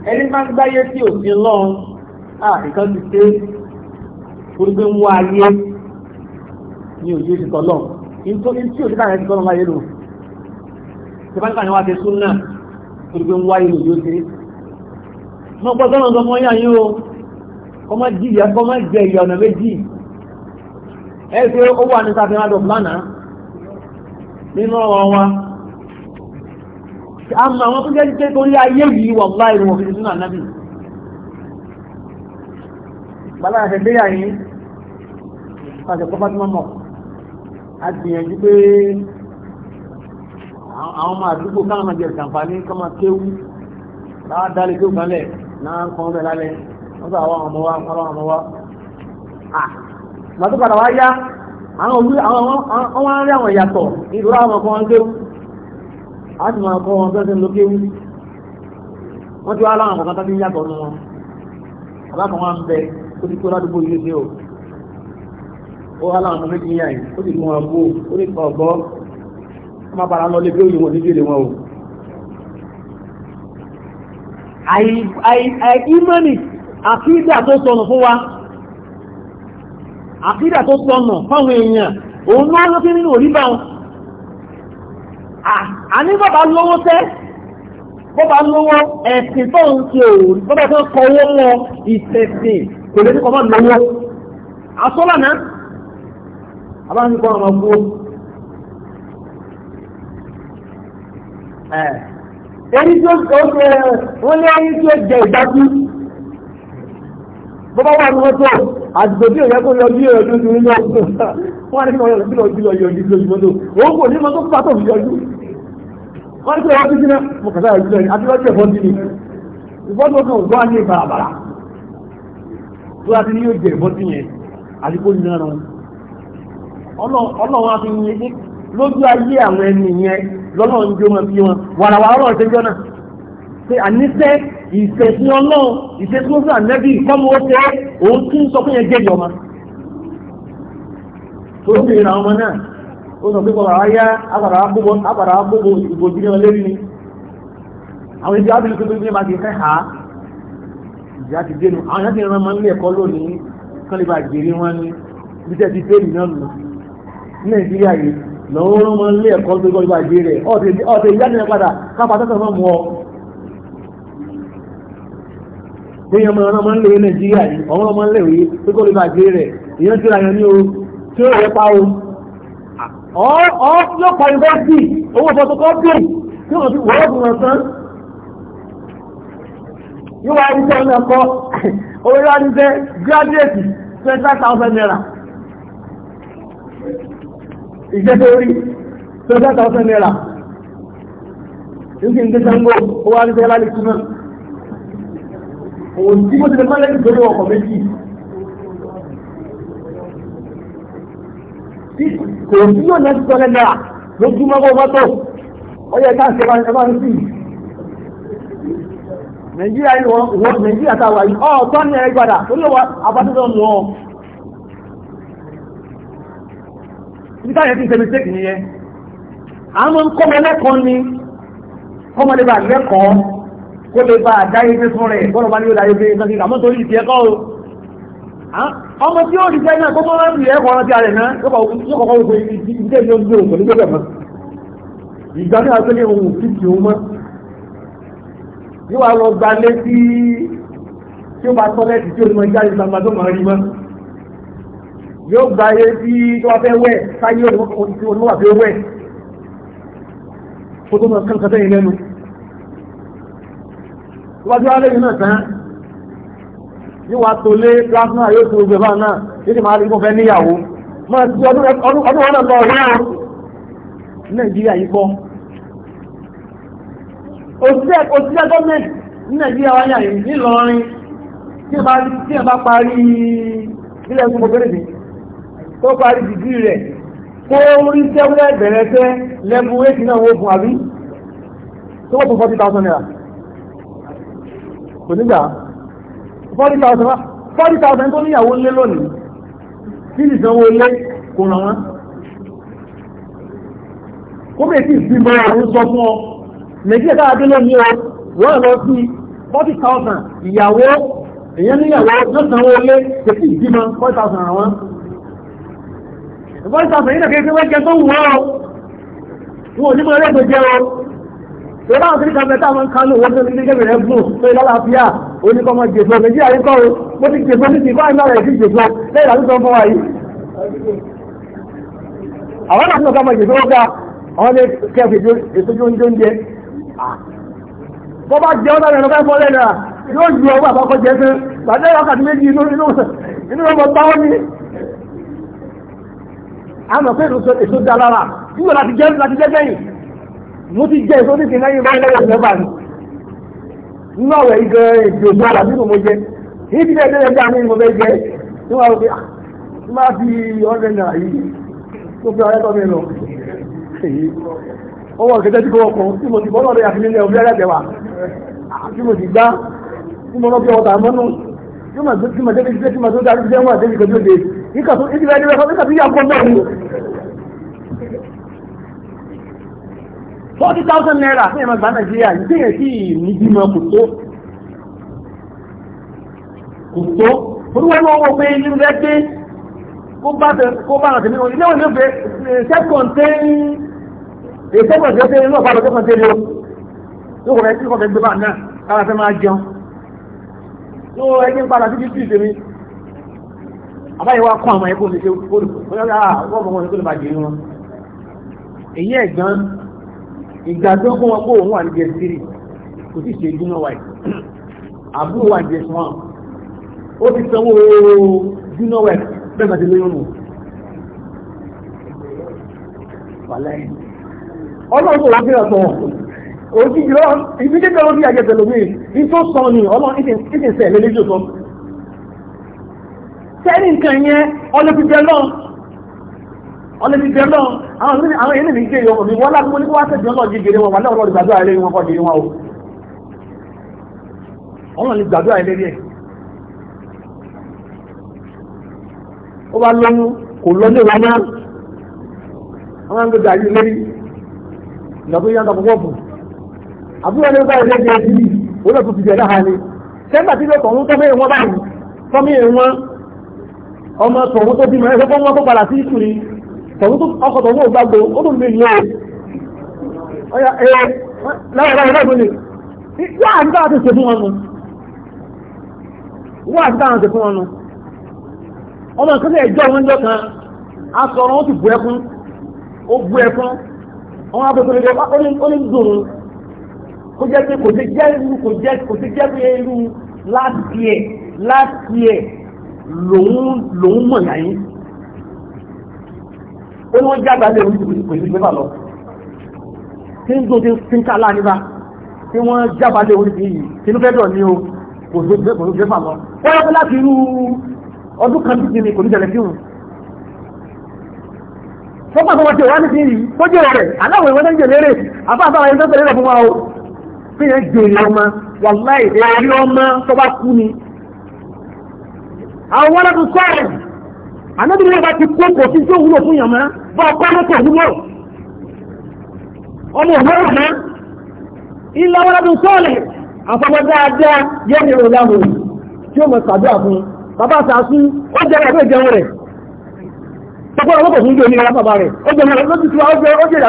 Ẹni máa ń gbáyé tí ò sí lọ́n, àìkan ti ṣe orúgbé ń ayé ní òjò ìṣẹ́kọ̀ lọ́n. Ní tí ò láyé lò tẹbálíkà ni wá ti sún náà torípé ń wá ìlú yóò ṣe mọ́ pọ́ sọ́nà ọmọ o kọmọ jìyà kọmọ jẹ ìyà ọ̀nà méjì ẹ ṣe ó wà ní sáfẹ́ adọ̀ plánà nínú ọ̀rọ̀ wa àmà àwọn tó jẹ́ jẹ́ torí ayé yìí wà láì rùn òfin sínú ànábì bàbá àṣẹ gbé yà yín pàṣẹ kọ́ fátímọ́ mọ̀ a gbìyànjú pé àwọn ọmọ àdúgbò káwọn máa jẹ ìṣàǹfààní kọ́ máa kéwú láwọn dálé kéwú kalẹ̀ náà ń kọ́ bẹ́ẹ̀ lálẹ́ wọ́n sọ àwọn ọmọ wa ń kọ́ ọmọ wa. màtó padà wá yá àwọn olú àwọn ọmọ rí àwọn ìyàtọ̀ ìdúrà àwọn ọkọ̀ wọn kéwú a ti máa kọ́ wọn tó ṣe ń lo kéwú wọ́n ti wá láwọn àkọ́kọ́ tó ti ń yàtọ̀ nù wọn alákan wa ń bẹ ó ti kó ládùúgbò ilé ṣe o ó wá láwọn ọmọ méjì má bára lọ lé bí òyìnbó ní jèrè wọn o. àìmọ́nì àkídà tó sọnù fún wa àkídà tó sọnù fáwọn èèyàn òun máa ń rántí nínú òrí bá wọn. àní bàbá lówó tẹ́ bọ́bá lówó ẹ̀sìn tó ń ṣe òòrùn bọ́bá tó kọ owó mọ́ ìṣẹ̀sìn kò lè ní kọ́ mọ́ lówó. àsọ́lànà àbáńkọ́ ọmọ gbogbo ẹni tí ó kọ́ ṣe wọ́n ní ẹni tí ó jẹ ìdájú bọ́bá wà ní àdìgbò tí yọ bí ọjọ́ ọdún wọ́n ní yọ kò ní fi yọjú wọ́n ní kàtà yọjú lẹ́yìn àti lọ́jọ́ ìfọ́n tó kàn ní ìbarabara tó láti ní lọ́lọ́run jó wọn bí wọn wàràwà ọlọ́run ṣe jọ náà pé àníṣe ìṣẹ̀sìn ọlọ́run ìṣẹ̀sìn ọ̀sán ànẹ́bí ìkọ́mọ ó ṣe òun tún sọ fún yẹn jẹ́bi ọmọ. tó ń bèèrè àwọn ọmọ náà ó sọ pé bàbá wa yá àbàrà àgbòbò ìbò jíjẹ wọn lérí ni àwọn ìdí ábìlì tó gbé máa ti fẹ́ hà á ìjà ti dénú àwọn ìyá ti rán ọmọ nílé ẹ̀kọ́ lónìí kán lè bá jèrè wọn ní bí tẹ́ ti fẹ́ẹ̀lì náà nù ní Nàìjíríà yìí lọ́wọ́ rán mọ́ ilé ẹ̀kọ́ tó gbọ́dọ̀ ìgbé rẹ̀ ọ̀tẹ̀ ìyáni padà káfà tẹ́tẹ̀ mọ́ mọ́ èèyàn mọ́ ọ̀nà máa ń lè nàìjíríà yìí ọ̀wọ́n tó rẹ̀ tí ní o tí ó rẹ̀ pa o ọ̀ yunifásitì owó fọtokọ́pì tí wọ́n fi iṣẹ́ tó rí tó dá tàwọn náírà nígbà nígbà sango ó wá nígbà yàrá lẹ́kùn náà òun tí mo ti lè má lẹ́kùn lórí ọkọ̀ méjì kò sí yóò náà ti sọ lẹ́nu náà lójúmọ́ kó mọ́tò ó yẹ ká ṣe máa ń máa ń sì Nàìjíríà yìí wọ́n Nàìjíríà táwa yìí ọ̀ tọ́ ní ẹgbàdà tó lọ́wọ́ abátúndọ̀ mú ọ. nígbà yẹn ti ń ṣe mistake nìyẹn àwọn ń kọ́mọ lẹ́kọ̀ọ́ ni kọ́mọ lè bá lẹ́kọ̀ọ́ kó lè bá dáyé gbé fún rẹ̀ bọ́lọ̀ bá ní yóò dáyé gbé nǹkan sí àmọ́ torí ìfẹ́ kọ́ o ọmọ tí ó dìgbẹ́ náà tó mọ́ láti ẹ̀kọ́ ọ̀rọ̀ ti àrẹ̀ náà yóò kọ́kọ́ wípé ìdílé yóò gbé òkò nígbà bẹ̀rẹ̀ mọ́ ìgbà ní àtúnlé ohun òfìsì òun mọ́ yóò wá lọ gbalé tí ó bá tọ́lẹ̀ tí ó mọ jáde sàmàdó máa rí mọ́ yóò gba ayé bí tó wá fẹ́ wẹ̀ sáyé onímọ̀ àti owó ẹ̀ kó tó mọ̀ kankan tẹ́yìn lẹ́nu tó wá tí wá lẹ́yìn náà tán yóò wá tó lé plasma yóò tó gbẹ̀bá náà yóò ti máa rí fún fẹ́ níyàwó máa ti ọdún ọdún wọn náà lọ rí àwọn nàìjíríà yìí kọ́ òṣìṣẹ́ gọ́ọ̀mẹ̀ntì ní nàìjíríà wáyà yìí ńìlọrin tí ẹ bá parí ilé ẹ̀sùn mọ̀gẹ́rẹ́dẹ́ tó parí dìgírì rẹ̀ kó rí sẹ́wọ́n bẹ̀rẹ̀ tẹ́ lẹ́mú eight náà wọ́n fún àbí tó wọ́n fún forty thousand naira kò nígbà forty thousand forty thousand tó níyàwó lé lónìí kí ni ìsanwó lé kò ràn wọ́n kó bèé sì fi mọ́ àwọn sọ fún ọ nàìjíríà tá a dé lónìí ọ wọ́n lọ sí forty thousand ìyàwó èèyàn níyàwó yóò sanwó lé kò sì bímọ forty thousand àwọn ìbọ́n ìsàfẹ́ yìí nàkẹ́ ìpínlẹ̀ tó wọ́ ọ́ wọn ní mọ̀ ẹlẹ́gbẹ̀ jẹ́ ọ́ tó bá òsì kan mẹ́ta máa ń kánú owó tó ní gẹ́gẹ́ bẹ̀rẹ̀ tó ilá láfíà oníkọ́mọ jèfọ́ nàìjíríà yìí kọ́ o mo ti jèfọ́ sí ti kọ́ àìmọ́ rẹ̀ sí jèfọ́ lẹ́yìn àti sọ fún wa yìí. àwọn àti ọ̀gá a mọ̀ pé èso da lára nígbà láti jẹ́ láti jẹ́ gbẹ̀yìn mo ti jẹ èso ní ti lẹ́yìn báyìí lẹ́yìn mẹ́fà ni nínú ọ̀rọ̀ yìí gan èdè àlàbí ni mo jẹ ní ti lẹ́yìn lẹ́yìn dáa ní mo fẹ́ jẹ ní wàá rò pé máa fi ọ̀rẹ́ náà yìí tó fi ọ̀rẹ́ tọ́ mi lọ ọwọ́ kẹtẹ́ tí kò wọ́pọ̀ tí mo ti bọ́ lọ́dọ̀ yàtí nílẹ̀ ọ̀bí ẹ̀rẹ́dẹ̀wà tí mo ti gbá tí mo lọ́ fi ọ̀tà mọ́nú tí mo dé tí mo dé tí mo dé tí mo dé ìkàtú ìdílé ẹni lọ́sọ̀ ìkàtú yà gbọ́n bẹ́ẹ̀ ni. forty thousand naira fún ìyàmọ̀ gba nàìjíríà yìí tí yẹn sì ní bímọ kò tó kò tó olúwa ni wọ́n wọ́n pé irú rẹ̀ pé kó bá àwọn tèmi wọn ilé wọn ló fẹ́ sẹ́kọ̀ntẹ́ni sẹ́kọ̀ntẹ́ni ló fà lọ sẹ́kọ̀ntẹ́ni o yóò rẹ̀ sí kọ̀ọ̀tẹ́ gbé bá náà kára fẹ́ máa jẹun yóò ẹni ń padà àbáyé wá kún àwọn ẹkùn níṣẹ́ olùkọ́ èyí ẹ̀gbọ́n ìgbàgbọ́ fún wọn kó òun wà ní jẹ́ sírì kò sí ṣe ìdúná wáyé àbúrò wà ní jẹ́ sùn àwọn ó ti sanwó dúná wáyé bẹ́ẹ̀ bá ti lóyún nù wàlẹ́ ọlọ́run kò láti ọ̀sán òjijì lọ ìbí kékeré ló ní àjẹsẹ̀ lómi ní tó sọ ni ọlọ́run ní ti ń sẹ̀ lélẹ́jọ́ sọ tẹ́rì nǹkan yẹn ọlọ́fíjẹ lọ́n ọlọ́fíjẹ lọ́n àwọn èèyàn mi gé yọ̀wọ̀ mi wọ́n lágbó ní wọ́n tẹ̀sí ọlọ́ọ̀dì gèrè wọn wà lọ́wọ́ lọ́dì gbàdúrà ilé wọn kọ́dì wọn o ọlọ́ọ̀dì gbàdúrà ilé rẹ̀ ó bá lọ́nu kò lọ́lé wa ń gbèdà yìí lérí ìlọ́gbé yàtọ̀ ni ọmọ tọ̀wọ́ tó bímọ ẹgbẹ́ fún wọn tó padà sí ìsúrí tọ̀wọ́ tó ọkọ̀ tọ̀wọ́ gbàgbó ó tó lè yàn ọ̀yà ẹ̀ láyàláyà láì lónìí wọ́n àti táwọn ti ṣe fún wọn nù wọ́n àti táwọn ti fún wọn nù ọmọ nǹkan tó ẹjọ́ wọn jọ kan aṣọ ọ̀rọ̀ wọn ti bu ẹkún ó bu ẹkún ọmọ abẹ́kọ̀ọ́ lè ó jẹ́ pé kò ti jẹ́ irú kò jẹ́ pé irú last year last year lòun mọ̀ yàyí ó ní wọ́n jágbà lè rí pẹ̀lú ìgbẹ́fà lọ tí ń tó ti ń ká láàrin bá tí wọ́n jágbà lè rí yìí tí ní o kò tó ìgbẹ́fà lọ wọ́n yọ láti irú ọdún kan tí kìíní kò ní jẹ̀lẹ̀ fíhùn wọ́n àwọn wọ́n lọ́dún sọ́ọ̀rẹ̀ ànábìrì ti kó kò sí tó wúlò fún yàmọ́ bá ọkọ̀ mọ́tò wúlò ọmọ òwúrọ̀ náà ilẹ̀ wọ́n lọ́dún àfọwọ́ dáadáa yẹ́ tí ó mọ̀ bàbá sàásù ó jẹ́ ìjẹun rẹ̀ ọlọ́pọ̀ fún bàbá rẹ̀ ó jẹ́ ìjẹun rẹ̀ ó jẹ́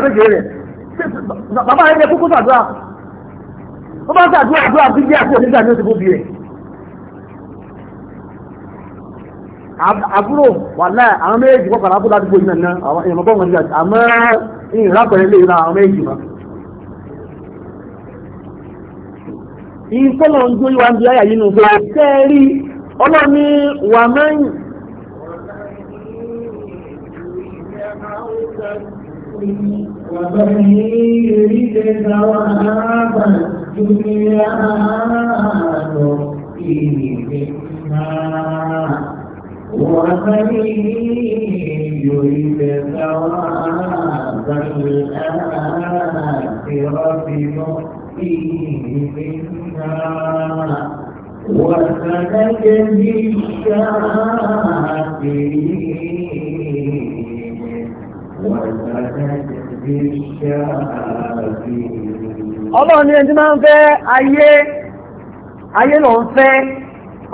ìjẹun rẹ̀ bàbá àbúrò wàlá àwọn méjì wọ́n kàrà búlá dúgbò ìnànà àwọn èèyàn bọ́ wọn jáde àmọ́ ìrìnlápẹ̀rẹ̀ lè ra àwọn méjì mọ́ ìfọ́lọ̀ ń gbóyí wa ń bí ayà yìí nù fún ọ̀sẹ̀ rí ọlọ́ni wà máa ń ومن يريد ثواب الدنيا نؤتيه منها ومن يريد ثواب الآخرة نؤتيه منها وسنجزي الشاكرين وسنجزي الشاكرين Ọlọ́run ni ẹni máa ń fẹ́ ayé, ayé lọ ń fẹ́,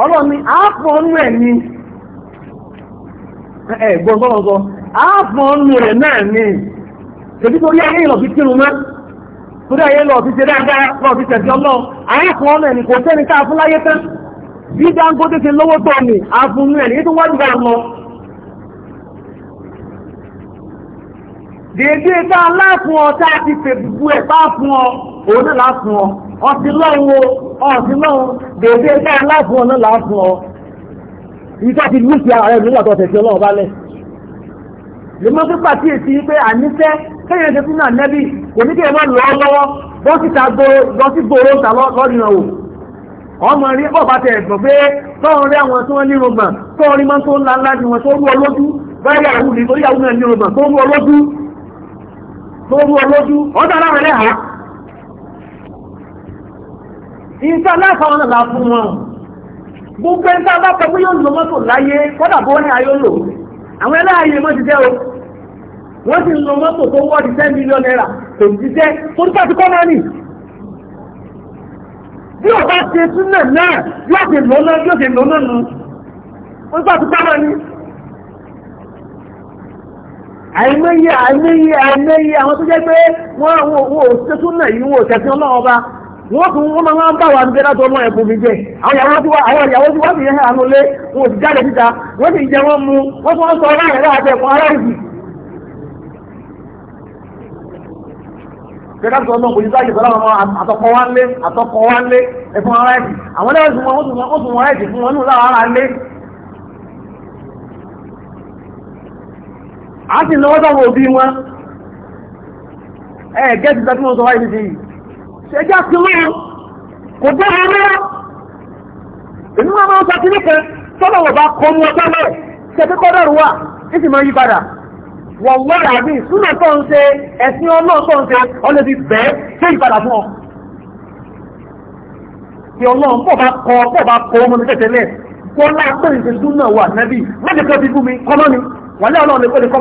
ọlọ́run ni àápọ̀ ọ̀nù ẹ̀ ni ẹ̀gbọ́n sọ́rọ̀ sọ áàpọ̀ ọ̀nù rẹ̀ náà ni èdè torí ayé lọ fi kírun mọ́ torí ayé lọ fi ṣe dáadáa lọ fi tẹ̀sí ọlọ́run àápọ̀ ọ̀nà ẹ̀nì kò sẹ́ni ká fún láyé tán bí Dangote ṣe lówó tọ̀ ní àfúnnú ẹ̀nì tó wájú bá lọ. dèédé tá a láàfún ọ tá a ti fè gbogbo ẹ̀ bá fún ọ òun náà láàfún ọ ọ̀sìn lọ́wọ́ ọ̀sìn lọ́wọ́ dèédé tá a láàfún ọ náà láàfún ọ ibi tó ti ní ààrẹ nígbà tó tẹ̀sí ọlọ́run bá lẹ̀. lè mọ́ sí pàkíyèsí pé àníṣẹ́ kéèyàn ṣe sínú ànẹ́bì kò ní kéèyàn máa lọ lọ́wọ́ bó sì ta lọ sí gbòòrò ta lọ́dìnà wò. ọmọ rí bá tẹ̀ ni tó rú ọlójú náà ní rògbà tó rú ọlójú tó rú ọlójú gbogbo ẹni tá a bá kọ pé yóò lo mọ́tò láyé kọ́dà bó ní ayé lò àwọn ẹlẹ́yàyè mọ́ ti jẹ́ o wọ́n sì ń mọ́tò tó wọ́ọ̀dì ten million naira ti jẹ́ torí pàtó kọ́ náà nì bí o bá ṣe sílẹ̀ náà yóò ṣe yóò ṣe nù ti pàmò ní. àìmọye àìmọye àìmọye àwọn tó jẹ́ pé wọ́n wọ́n tún wọ́n máa ń bá wa ní bẹ́ẹ̀ ọmọ ẹ̀kún mi jẹ́ àwọn ìyàwó tí wọ́n àwọn ìyàwó tí wọ́n fi jáde síta wọ́n sì jẹ wọ́n mu wọ́n tún wọ́n sọ ọlọ́run ẹ̀rọ àti a ẹjọ́ ti mú un kò dé mi rárá èmi máa máa ń sọ kíní kan tọ́lọ̀ bá kọ́ mu ọjọ́ náà ṣẹ́bí kọ́dọ̀rù wà ní sì máa yí padà wọ̀ wọ́n àbí súnà tó ń ṣe ẹ̀sìn ọlọ́ọ̀ tó ń ṣe ọlọ́ ti bẹ́ẹ̀ ṣé ìpadà fún ọ. kí pọ̀ bá kọ́ pọ̀ bá kọ́ ọmọ mi tẹ̀tẹ̀lẹ̀ kó ńlá pé ìṣe wà fi fún mi wàlẹ́ lè kọ́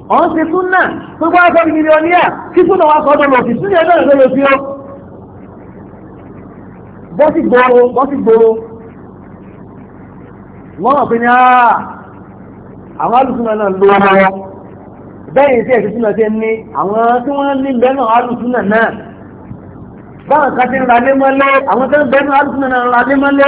ọ̀n ṣe súnà tó gbọ́ ọ̀sọ́ di mílíọ̀nìyà kí súnà wa sọ́dọ̀ lọ sí súnà ẹ̀dọ́ ẹ̀dọ́ lọ sí ọ́. bọ́sì gbòòrò bọ́sì gbòòrò lọ́nà pé ní àwọn alùsùnà náà ló wọn lọ bẹ́ẹ̀ tí ẹ̀sìn súnà ti ní àwọn tí wọ́n ní bẹ́ẹ̀ náà alùsùnà náà báwọn kan ti ń ra lé mọ́lé àwọn tó ń bẹ́ẹ̀ náà alùsùnà ra lé mọ́lé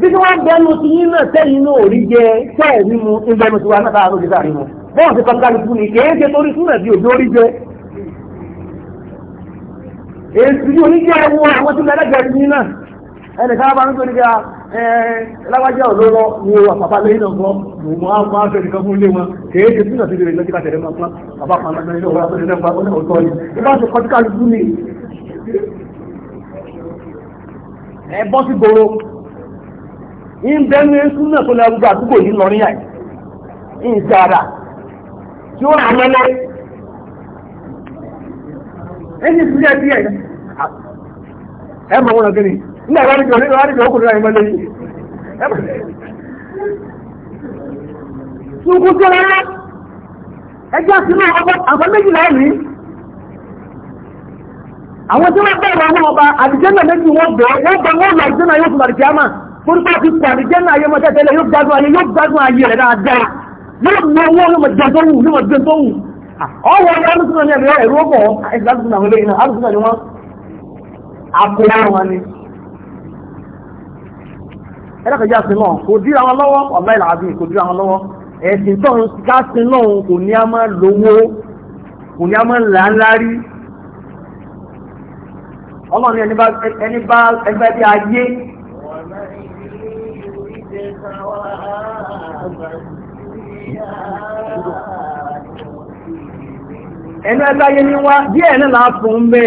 bí tí wọ́n ń bẹnu ti yín náà sẹ́yìn náà ò rí jẹ sẹ́ẹ̀ mímu ń bẹnu ti wá náà táwọn òjì sáré mu bọ́ọ̀ ti kọ́ńtà lùkù ní kèé ṣe torí súnà bí òbí orí jẹ. èsì yìí oníjẹ wo àwọn tí lẹ́lẹ́ gẹ̀ẹ́sì yín náà ẹnì kan bá ń tó nígbà lágbájá òlóró ni o àpapà lẹ́yìn náà kọ́ mò mọ́ àwọn máa ń fẹ́ nìkan fún ilé wọn kèé ṣe súnà sí ìrẹ̀lẹ́ kíkà tẹ̀lé máa pọ́n bàbá kan náà ní ọ̀rọ̀ àbẹ̀lẹ̀ náà pọ́n ọ̀tọ̀ ni ìbá ti kọ́ńtà lùkù ní ẹ bọ́ sí ìbẹ́nu ẹ̀sùn náà tó lẹ́rú gbà àdúgbò yìí lọ́rí àyè ìsàrà tí ó rà mọ́lẹ́ ẹni tí ó yẹ ẹ mọ̀ wọn gẹ́ni nígbà wà nígbà nígbà wà nígbà ó kò nígbà ìmọ̀lẹ́ yìí ṣùkú tó rárá àwọn tí wọ́n bẹ̀rẹ̀ wọn ọba àdìjẹ́ náà méjì wọ́n bẹ̀rẹ̀ wọ́n bẹ̀rẹ̀ wọ́n lọ àdìjẹ́ náà yóò fún àdìjẹ́ náà torípé àti pàdé jẹ́nà ayé mọ́tẹ́ tẹ́lẹ̀ yóò gbádùn ayé yóò gbádùn ayé rẹ̀ dáadáa yóò mọ owó ló tó wù ló ọlọ́run ẹni bá ẹgbẹ́ ẹnu ẹgbáyé ní wá díẹ̀ náà láàpù ń bẹ́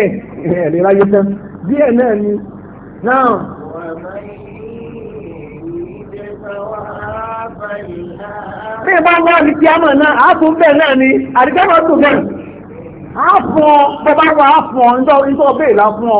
ẹ̀rẹ́ ráyé tán díẹ̀ náà ni náà bí bá wá ní kíámà náà àápù ń náà ni àdìgbẹ́mọ̀ tó bẹ̀ àápù ọ bọ́bá wà á fún ọ nítorí bẹ́ẹ̀ lá ọ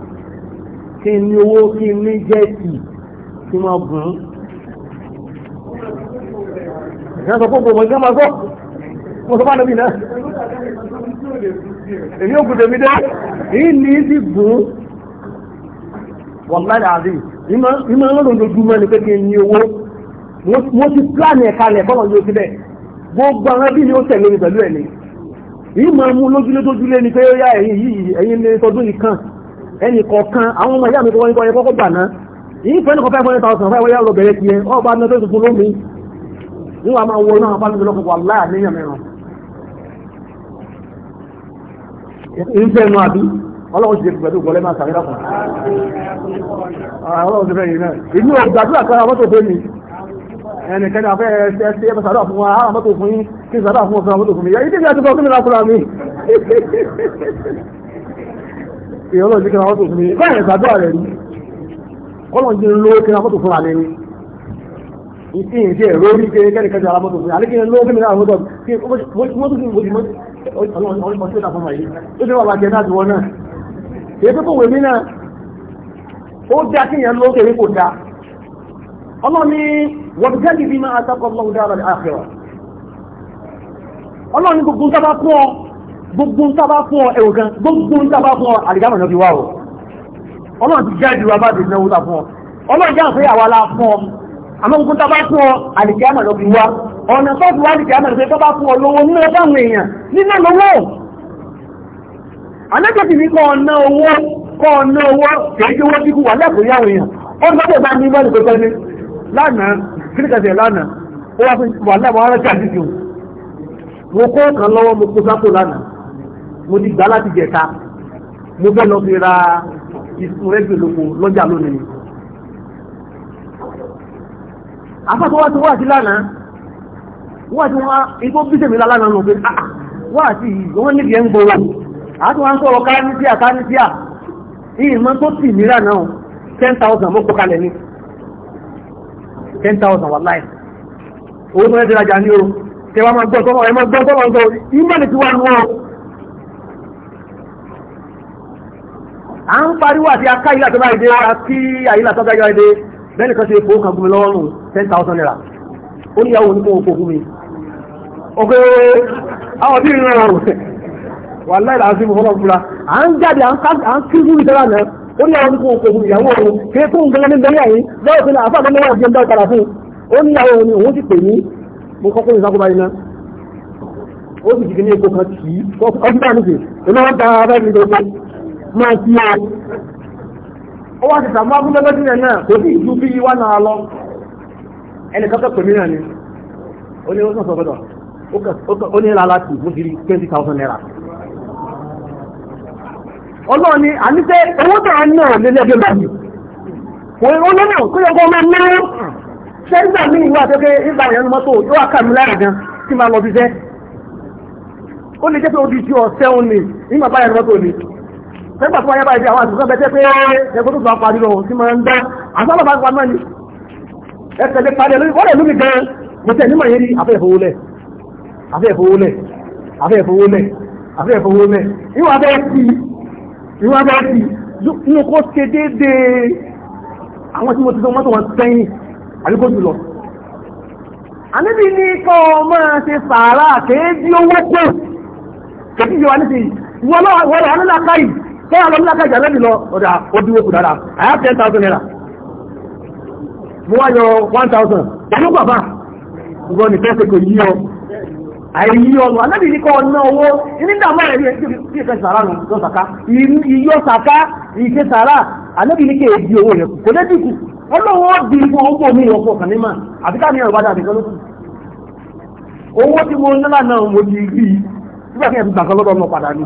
kí ní owó kí ní jẹ́ẹ̀tì tí wọ́n gùn ún. ìyá sọ fún gbogbo ìjọba máa sọ mo sọ fún àdébì náà èyí ò gùdèmí dé èyí ní ti gùn ún wọ̀láyà àdé ìmọ̀ ọlọ́run lójúmọ́ ni pé kí ní owó mo ti pílánì ẹ̀ka lẹ̀ bọ́lọ̀ yóò síbẹ̀ gbogbo àwọn ẹbí ni ó tẹ̀lé mi pẹ̀lú ẹ̀ ni ìmọ̀ mú lójúlé tójúlé ni pé ó yá ẹ̀yìn yìí ẹ̀yìn ní tọdún nìkan ẹnì kọ̀ọ̀kan àwọn ọmọ ìyá mi tó wọ́n kọ́ ẹ̀kọ́kọ́ gbà náà yìí fẹ́ ní kọ́ five hundred thousand five hundred bẹ̀rẹ̀ tiẹ̀ ọba ní ọjọ́ tuntun lómi ní wàá máa wọ náà fáwọn ìlọ́kọ̀ wà láà níyàn mẹ́ràn ìfẹ́ nu àbí ọlọ́run ti pẹ̀lú ìgbọ́lẹ́ máa sàrẹ́dà kan ah, ọlọ́run ti fẹ́ yìí náà ìlú ọ̀gbàdúrà kan àwọn tó fẹ́ mi ẹnìkan náà fẹ́ẹ́ ṣe ṣe ẹbẹ̀ sàdọ̀ fún wa àwọn mọ́tò fún yín kí sàdọ̀ fún ọ̀fẹ́ àwọn mọ́tò fún mi yá ìdí ìyá tó kọ́ kí mi lákùnrin mi èèyàn lọ́ọ̀ ní kí n àwọn tó fún mi báyìí ìsàdúrà rẹ̀ rí kọ́lọ̀ ń jẹ́ lówó kí n àwọn tó fún àlẹ́ mi ìsì ìsì ẹ̀rọ orí kí kẹ́rì kẹ́rì àwọn mọ́tò fún mi àlẹ́ kí n lówó kí n àwọn tó fún mi mọ́tò fún mi mọ́tò fún mi ó ti wà bàjẹ́ náà ti wọ́n náà èyí tó kòwé mi náà ó dá kí yẹn lówó kéré kò dá ọlọ́ni wọ́n jẹ́ ibi máa sákọ̀ọ́ lọ́wọ́ dára ní àfẹ́wà ọlọ́ni gbogbo sábà kú ọ gbogbo ń sábà fún ọ ẹ̀wò gan gbogbo ń sábà fún ọ àdìgámọ̀ náà fi wá o ọlọ́run ti jáde wa bá dùn náà wúta fún ọ ọlọ́run jáde pé àwa la fún ọ àmọ́ gbogbo tá bá fún ọ àdìgámọ̀ náà fi wá ọ̀nà tó fi wá àdìgámọ̀ náà fi tó bá fún ọ lówó nínú ọjọ́ àwọn èèyàn nínú lówó anájọ́sì kó kan lọ́wọ́ mo kó sápò lánàá mo ti gbà láti jẹ̀ta mo fẹ́ lọ fi ra ìsun ẹgbẹ̀ lóko lọ́jà lónìí afẹ́kọ̀ wá ti wá sí lánàá wá ti wá igbó bí tèmi lánàá lọ pé ah, ah, wá sí wọ́n níbi ẹ̀ ń gbọ́rọ̀ àti wọ́n ń sọ̀rọ̀ kánítíà kánítíà ìmọ̀ tó tì mí lánàá o ten thousand mọ́kọ̀ kalẹ̀ ni ten thousand wàláì owó tó ẹ̀ ti rajà ní o tẹwàá máa gbọ́ tọ́wọ́ ẹ̀ máa gbọ́ tọ́wọ́ à ń pariwo àti aká ilé àtọ́gbà èdè àti àyílà àtọ́gbà èdè bẹ́ẹ̀ni kan ṣe epo kan gún mi lọ́rùn ten thousand naira ó níyàwó ní kó o fún mi ọgbẹ́ àwọn tí ìrìn rọrùn wà láìlà àti ìfọwọ́ fúnra à ń jáde à ń kí fún ìtara náà ó níyàwó ní kó o fún ìyàwó òun kí tó ń gbẹ́lẹ́ ní bẹ́ẹ̀ yìí lọ́wọ́ fún àfáà mọ́mọ́ àti ẹgbẹ́ ọ̀tara fún ó níyàwó ni òun ti pè ní mo kọ́kọ́ ìsákúbá iná ó sì jìgì ní epo kan ń ta abẹ́rẹ́ máa kí o ó wá ti sàmú abúlẹ́gbẹ́ sílẹ̀ náà kò sí ìlú bí wá náà lọ ẹnì kan kẹ́kọ̀ọ́ mìíràn ni ó ní ó sàn sọ́gbọ́dọ̀ ó ní ìlà láti ìlú kiri twenty thousand naira ọlọ́run ni àníṣe owó tó ń náà lélẹ́gbẹ́ báyìí kò ó lọ́nà kó yẹ kó máa náà ṣé nígbà míì wà tó ké nígbà yẹn mọ́tò yóò wá kàmí lára gan kí máa lọ bí jẹ́ ó lè jẹ́ pé ó di ju ọ̀sẹ̀ òní nígbà báyẹn mọ́tò nígbà tó wáyé báyìí àwọn àtúnṣe bẹ́tẹ́ pé ẹgbẹ́ tó bá parí lọ sí máa ń dá àtúnṣe bá parí mọ́ni ẹsẹ̀ lè parí lórí wọ́n lè lómi gan mo tẹ̀ nímọ̀ yẹn ní afẹ́ ìfowólẹ̀ afẹ́ ìfowólẹ̀ afẹ́ ìfowólẹ̀ afẹ́ ìfowólẹ̀ ìwà bẹ́ẹ̀ sí ìwà bẹ́ẹ̀ sí inú kó ṣe déédéé àwọn tí mo ti sọ mọ́tò wọn kọ́ máa ṣe sàárà kéèdí owó pọ̀ kéèdí yọ wá níbi ìwọ́n náà káyìí tó wà lọ́mú lákàjà lẹ́bi lọ ọ̀dà odi kù dára I have ten thousand naira mo wá yọ one thousand ìlú bàbá ìwọ ní fẹ́ẹ́ ọ àìyí ọ̀nà alẹ́bi ní kọ́ ọ̀nà owó ní dààmú ẹ̀rí kí sàrà nù yọ sàká ìyọ sàká ìṣe sàrà alẹ́bi ní kí ẹ̀ di owó rẹ̀ kò dé ọlọ́wọ́ di owó mi ní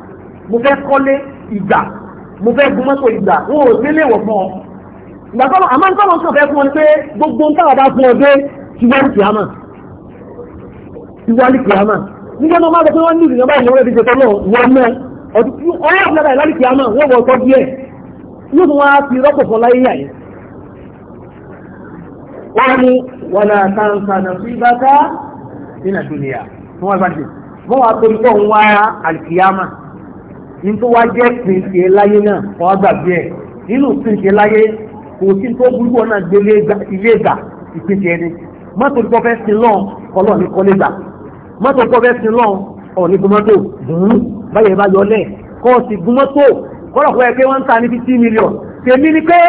mo fẹ́ kọ́lé ìgbà mo fẹ́ gun mọ́tò ìgbà wọn ò nílé wọ̀ fún ọ. ìgbà tó àmọ́ nǹkan wọn sàn fẹ́ fún ọ pé gbogbo ń táwọn bá fún ọ dé tiwájú kìámà tiwájú kìámà nígbà náà máa lọ pé wọ́n ní ìrìnàmọ́ ìnáwó ẹbí ṣètò náà wọ́n mọ́ ọdún ọ̀rẹ́ àbúlá báyìí lálẹ́ kìámà wọ́n wọ ọkọ díẹ̀ yóò tún wá fi rọ́pò fún láyé yà yẹn. wọ́n ní wàlá kankan náà fi bàtà nínú àdúnyà wọ́n wá pé ìtọ́ ń wá àlìkìámà ní tó wá jẹ́ pín ṣe láyé náà kọ́ gbàgbé ẹ̀ nínú pín ṣe láyé kò sí tó burúkú ọ̀nà gbé ilé ìgbà ìpín ṣe ẹni mọ́tò tó fẹ́ sin lọ́n kọ́lọ́ ní kọ́lé gbà mọ́tò tó fẹ́ sin lọ́n ọ̀ní gbọmọ́tò dùn báyẹ̀ bá yọ lẹ̀ kọ́ sí kọ́lọ̀ kọ́ ẹ pé wọ́n ń ta ní million tèmi ni pé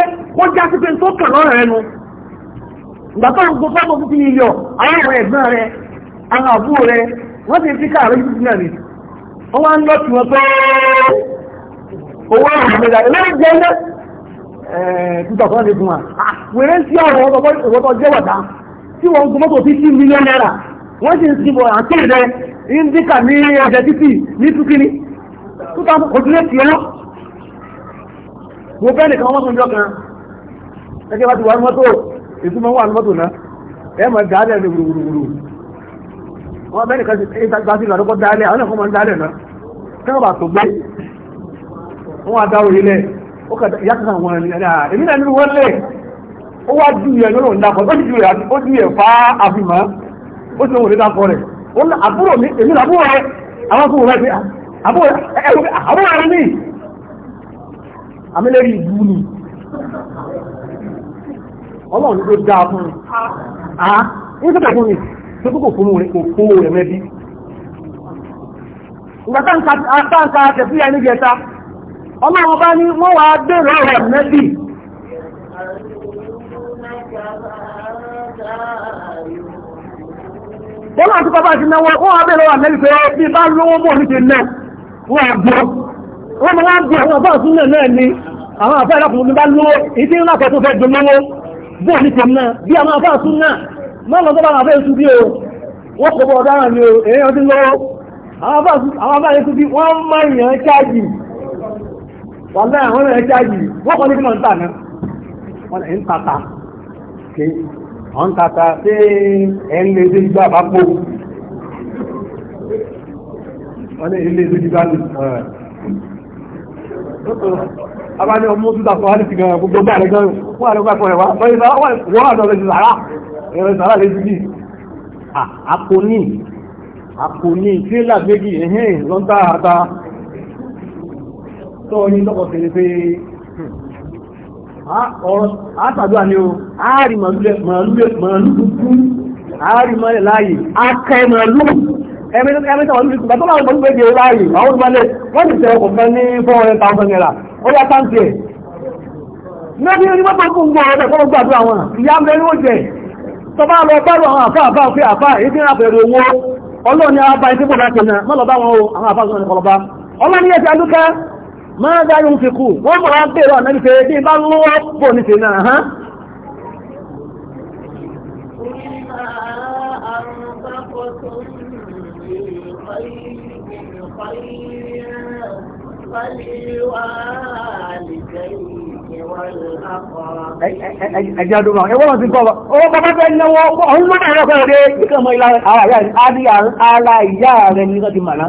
ó já sí pé tó kàn lọ́rọ̀ wọ́n wá ń lọ sí wọn pé owó àwọn ìgbéga lẹ́yìn jẹ́ iná eh, títọ̀ fún ọdún wa ah, wèrè sí ọ̀rọ̀ ọgbọ́tọ̀ jẹ́ wọ̀dá tí wọ́n gbọ́ mọ́tò fifty million naira wọ́n sì ń sí bọ̀ àti ìdẹ indika ní ọjọ́ títì ní tukini tó tán kò tún lè fi ọ́ mo fẹ́ nìkan wọ́n fún ọjọ́ kan ẹgbẹ́ bá ti wà ní mọ́tò ètò wà ní mọ́tò náà ẹ̀ wọ́n bẹ́ẹ̀ nìkan ṣe ìtagbásí ìlànà kọ́ dálẹ̀ àwọn ẹ̀kọ́ máa ń dálẹ̀ náà kẹ́wọ́n bá tó gbé wọ́n á dá orí ó kà yàtọ̀ sàn wọn ẹ̀dá èmi náà nínú wọn lẹ̀ ó wá ju ìyẹn lọ́rùn dákọ̀ ó ju ìyẹn fa àfihàn ó ti wọlé dákọ̀ rẹ̀ àbúrò mi èmi làbúrò rẹ̀ àwọn kò wọ́n rẹ̀ àbúrò rẹ̀ ní àmìlẹ́rì ìbú ni ọlọ́run ló dáa ah, ah, fún mi pé kókò fún rẹ̀ kò fún rẹ̀ mẹ́bí. ìgbà táǹkà tẹ̀síyà ní jẹta ọlọ́run bá ní wọ́n wá gbèrò rẹ̀ mẹ́bí. wọ́n láti kọ́ bá ti náwó wọ́n wá bẹ̀rẹ̀ wà mẹ́bí pé bí bá lówó mọ̀ ní ti nẹ́ wọ́n àgbọ̀ wọ́n mọ̀ wá gbọ̀ àwọn àbá ìsúnlẹ̀ náà ni àwọn àbá ìlàkùnrin bá lówó ìdí ńlá kẹ́ fẹ́ dùn bí àwọn àbá ìsúnlẹ̀ mọ́nà tó bá wà fẹ́ ṣú bí o wọ́n kò bọ́ ọ̀daràn ni o èèyàn ti lọ́wọ́ àwọn bá yẹn ṣú bí wọ́n máa yàn ṣáàjì wà láyà wọ́n yàn ṣáàjì wọ́n kọ́ ní kí wọ́n ń tà náà wọ́n ń tata ké wọ́n ń tata ṣé ẹ̀ ń lé déjú bá àpapọ̀ wọ́n ní ilé déjú bá ní abáni ọmọ tó dà fún wa ní ti gan gbogbo bá rẹ gan wọ́n àdọ́gbà fún rẹ wá wọ́n àdọ́gbà fún rẹ wá ẹ̀rọ sàrà lè dìdì àkóní àkóní tírélà méjì ẹ̀hìn lọ́ntà àta tó ní lọ́kọ̀ tẹ̀lé pé àtàdúrà hmm, ni o àárí màálù àárí mọ́lẹ̀ láàyè akẹ́ màálù ẹ̀mẹ́ta wọn ní bàtọ́ láwọn ọmọ ìgbẹ́gbẹ́ láàyè àwọn ìgbàlẹ̀ wọ́n ti tẹ̀wọ̀ kọ̀ọ̀kan ní 400,000 naira ó yá táǹtì ẹ̀ lẹ́bí onímọ́tò kún gbọ́ ọ̀rẹ́ kọ́lọ́gbàdúrà wọn ìyá mẹ́rin ó jẹ́ tọba bá lọ bá àwọn àfá àfá òfin àfá èdè àfẹ́rẹ̀ owó ọlọ́ni àbá wọn o àwọn àfá sọ́nà ìkọlọba ọlọ́ni ẹ̀sẹ̀ ọrụ máa dá yóò fi kú wọ́n mọ̀ ọ̀nà bí bá náà ẹjẹ́ ọdún náà ẹwọ́n ti kọ́ ọwọ́ bàbá fẹ́ náwó ọ̀hún mọ́ta ẹ̀rọ kọ́ ọdẹ ìkẹ́ ọmọ ilá ara ìyá rẹ̀ ní ọdún màlá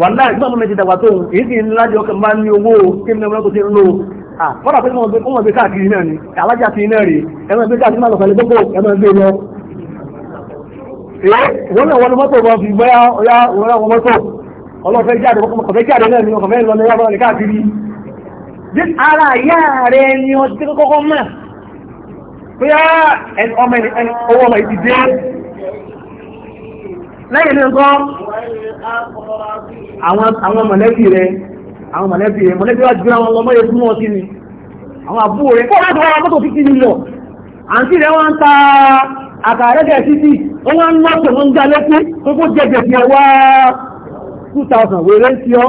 wà náà ìgbà mọ́ mẹ́ta dàgbà tóun èyí sì ńlá jọ kẹ́ máa ní owó kí ní ọmọ tó ti ń lò fọ́nà pé wọ́n gbé káàkiri náà ni alájà ti náà rè ẹmọ gbé káàkiri máa lọ fẹ́lẹ́ gbogbo ẹmọ gbé lọ wọ́n náà wọ́n mọ́tò wọn fi bọ́yá ọ̀yá wọn mọ́tò ọlọ́fẹ́ jáde náà ni ọkọ̀ fẹ́ lọ ní ọkọ̀ káàkiri ara àyá rẹ̀ ni ọdún kọ́kọ́ mọ̀ pé á ẹni ọmọ ẹni owó ọmọ ìdí dé lẹ́yìn nǹkan àwọn mọ̀lẹ́bí rẹ̀ àwọn mọ̀lẹ́bí rẹ̀ mọ̀lẹ́bí wá jùlọ àwọn ọmọ yẹn fún wọn sí ni àwọn àbúrò rẹ̀ kọ́ láti wọ́n mọ́tò títí nílọ àǹtí rẹ̀ wọ́n ń ta àkàrẹ́gẹ̀ títí wọ́n wá ń lọ́pẹ̀ wọ́n ń dá lẹ́kú tó kó jẹ́jẹ̀ fi wá 2000 wèrè ń fi ọ́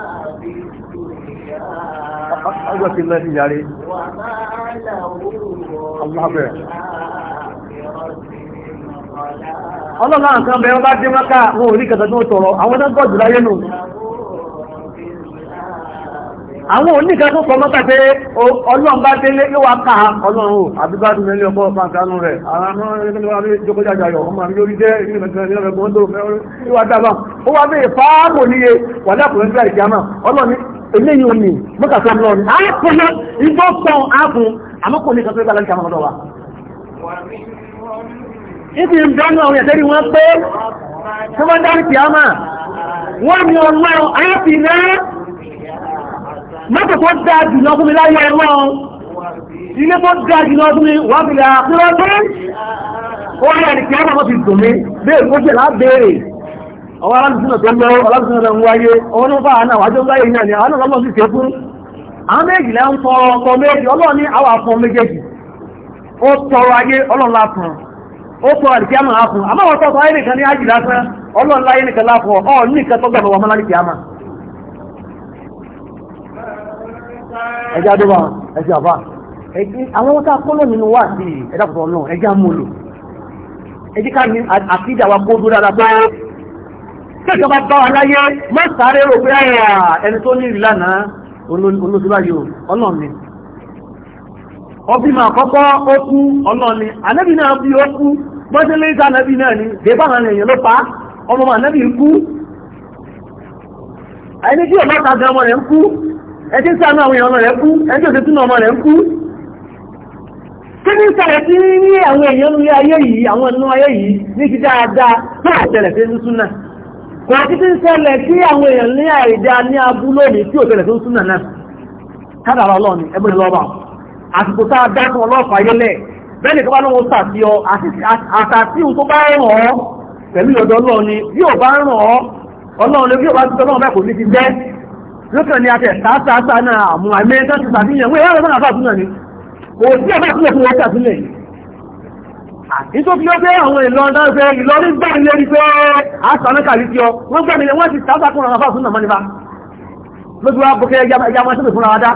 ọjọ́ ti lẹ́ ti yàrí alábẹ̀ ọlọ́lá nǹkan bẹ̀rẹ̀ bá dé mọ́ká wọn ò rí kẹta tó tọrọ àwọn tó gọ́jù láyé nù àwọn oníkan tó kọ mọ́ta pé ọlọ́run bá délé yóò wá ká ọlọ́run ò àbíbádùn nílé ọkọ̀ pàǹtánú rẹ̀ àwọn ọmọ ẹgbẹ́ jókòjájà yọ̀ ọmọ mi lórí jẹ́ ìrìnà ìrìnà ẹgbẹ́ tó fẹ́ ó wá dábàá ó wá bèèrè fáàmù níye wà lápùrẹ́ nígbà ìjàmà ọlọ́run eléyìí ò ní mọ́ta tó lọ ní àápùnà ìgbó kan ápùn àmọ́ kò ní kan tó gbàlá ìjàmà lọ́wọ́ ibi ìdánù àwọn ìyàtẹ́rí wọn pé tó bá dárí kìámà wọ́n ni ọlọ́run á fi náà mọ́tò tó dáa jù lọ fún mi láyé ọlọ́run ilé tó dáa jù fún mi wà fi àkúrọ́ pé ó rí àdìkì àwọn ti dùn mí bẹ́ẹ̀ kó jẹ́ lábẹ́rẹ̀ ọwọ́ alábìsínà tó lọ tó ń wáyé ọwọ́ ní bá láyé àwọn sì ṣe fún àwọn méjì lẹ́ ń ọkọ méjì ọlọ́run ní àwọn afọ méjèèjì ó tọrọ ayé ọlọ́run láfún ó àmà láfún àmọ́ ayé nìkan ní lásán ọlọ́run láyé nìkan láfún ọ̀ tọ́gbà ẹjá dọ́bà ẹjá àbá àwọn wọ́n ká kọ́lọ̀ nínú wà sí ẹ̀dàkùtọ̀ náà ẹjá múlò ẹjí ká ní àkídà wa kó dúró dára pé kẹ́kọ̀ọ́ bá bá wa láyé má ẹni tó ní ìta ànábì náà ni dèbà àwọn èèyàn ló pa ọmọ ń kú tí ọmọ ta gan rẹ̀ ń kú ẹtí ń sàánú àwọn èèyàn rẹ̀ kú ẹtí òṣèlú túnú ọmọ rẹ̀ kú kí ní sàrẹ̀ sí ní àwọn èèyàn ní ayé yìí àwọn ẹnu ayé yìí ní ti dáadáa tó àṣẹlẹ̀ sí ní súnà kò àti tí ń sí àwọn èèyàn ní àìdá ní abú lónìí tí tó súnà náà ẹgbẹ́ àsìkò tá a dá fún ọlọ́ọ̀fà bẹ́ẹ̀ ni tó bá ràn ọ́ pẹ̀lú ọ̀dọ́ lókàn ní akẹ́ sáàsáàsá náà àmú àmì ẹ̀tọ́ ti sàfihàn wọ́n yára náà fàtún náà ni kò sí ẹ̀fẹ́ ìpínlẹ̀ fún ẹ̀ka sílẹ̀ yìí nítorí ó pé àwọn ìlọ́dá fẹ́ ìlọrin gbà ní ẹni pé àṣànákà lè fi ọ wọ́n gbà nílẹ̀ wọ́n ti sáàsáàkùn àwọn afáàfún náà mọ́nifá lójú wa bókẹ́ ẹja máa ṣẹ́bẹ̀ fúnra wa dá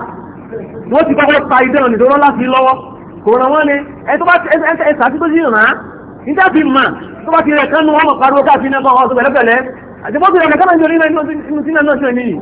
wọ́n ti kọ́kọ́ pa ìdẹ́rùn ìdọ́rọ́ láti lọ́wọ́ kò ràn wọ́n ni ẹ̀ tó bá ẹ̀sà tí tó yìí ràn án níta fi mà tó bá ti rẹ̀ kánú wọn mọ̀ pariwo káàkiri náà kọ́ ọ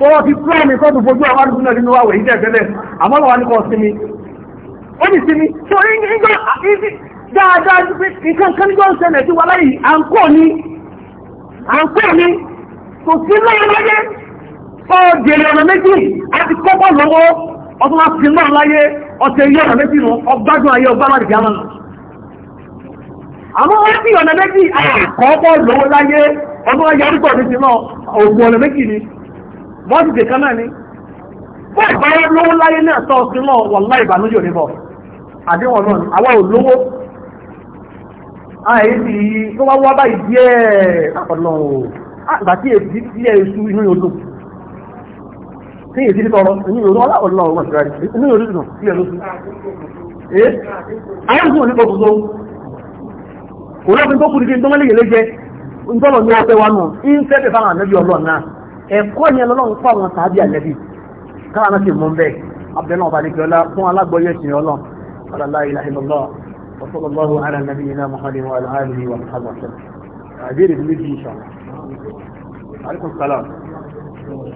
tọwọ́ fi pílẹ̀ mi sọ́dún fojú àwọn àdúgbò náà nínú àwẹ̀ ìjẹ́ ìfẹ́lẹ̀ àmọ́ lọ́wọ́ ní kò sinmi ó ní sinmi tó ìjọ dáadáa nǹkan kan níjọ́ ń ṣẹlẹ̀ sí wa láyìí à ń kọ́ ni à ń kọ́ ni kò sí lọ́wọ́ láyé ó jèrè ọ̀nà méjì àti kọ́kọ́ lọ́wọ́ ọdún láti náà láyé ọ̀tẹ̀ iye ọ̀nà méjì nù ọgbádùn ayé ọgbá láti jámà àmọ́ wọ́n fi ọ̀nà méjì àkọ́kọ́ lọ́wọ́ láyé ọdún láyé arúgbọ̀ ní ti náà òògùn ọ̀nà méjì ni bọ́ọ̀sì tè kan náà ni fún ìbára lówó láyé náà tọ́ sí náà wọ̀ láì ìbànújẹ́ òní bọ̀ àdéhùn náà ni àwa ò lówó àyè sì tó wá wá báyìí díẹ̀ ọ̀nà àgbà tí èsì díẹ̀ èṣù inú yóò dùn tí èsì tí tọrọ inú yóò dùn ọlá ọ̀nà ọ̀rọ̀ ìṣẹ́ra inú yóò dùn sílẹ̀ lóṣù ee àwọn ìṣòwò ní kòkòrò òun lọ́pìn tó kù ní kí n tó mọ́lẹ̀ yẹlé jẹ ń tọ́lọ̀ ní ọpẹ́ wa nù ń fẹ́ ẹ̀kọ́ ni ọlọ́run fún àwọn sàábì àlẹ́bí káwọn náà sì mú bẹ́ẹ̀ abdul náà balẹ̀ kíọ́lá fún alágbọ́yé ẹ̀sìn ọlọ́run ọlọ́lá ilàhílọ́lọ́ wasallallahu ala nabiyyina muhammadin wa ala alihi wa sahbihi wasallam àbí rẹ̀ bí méjì inshallah alaikum salam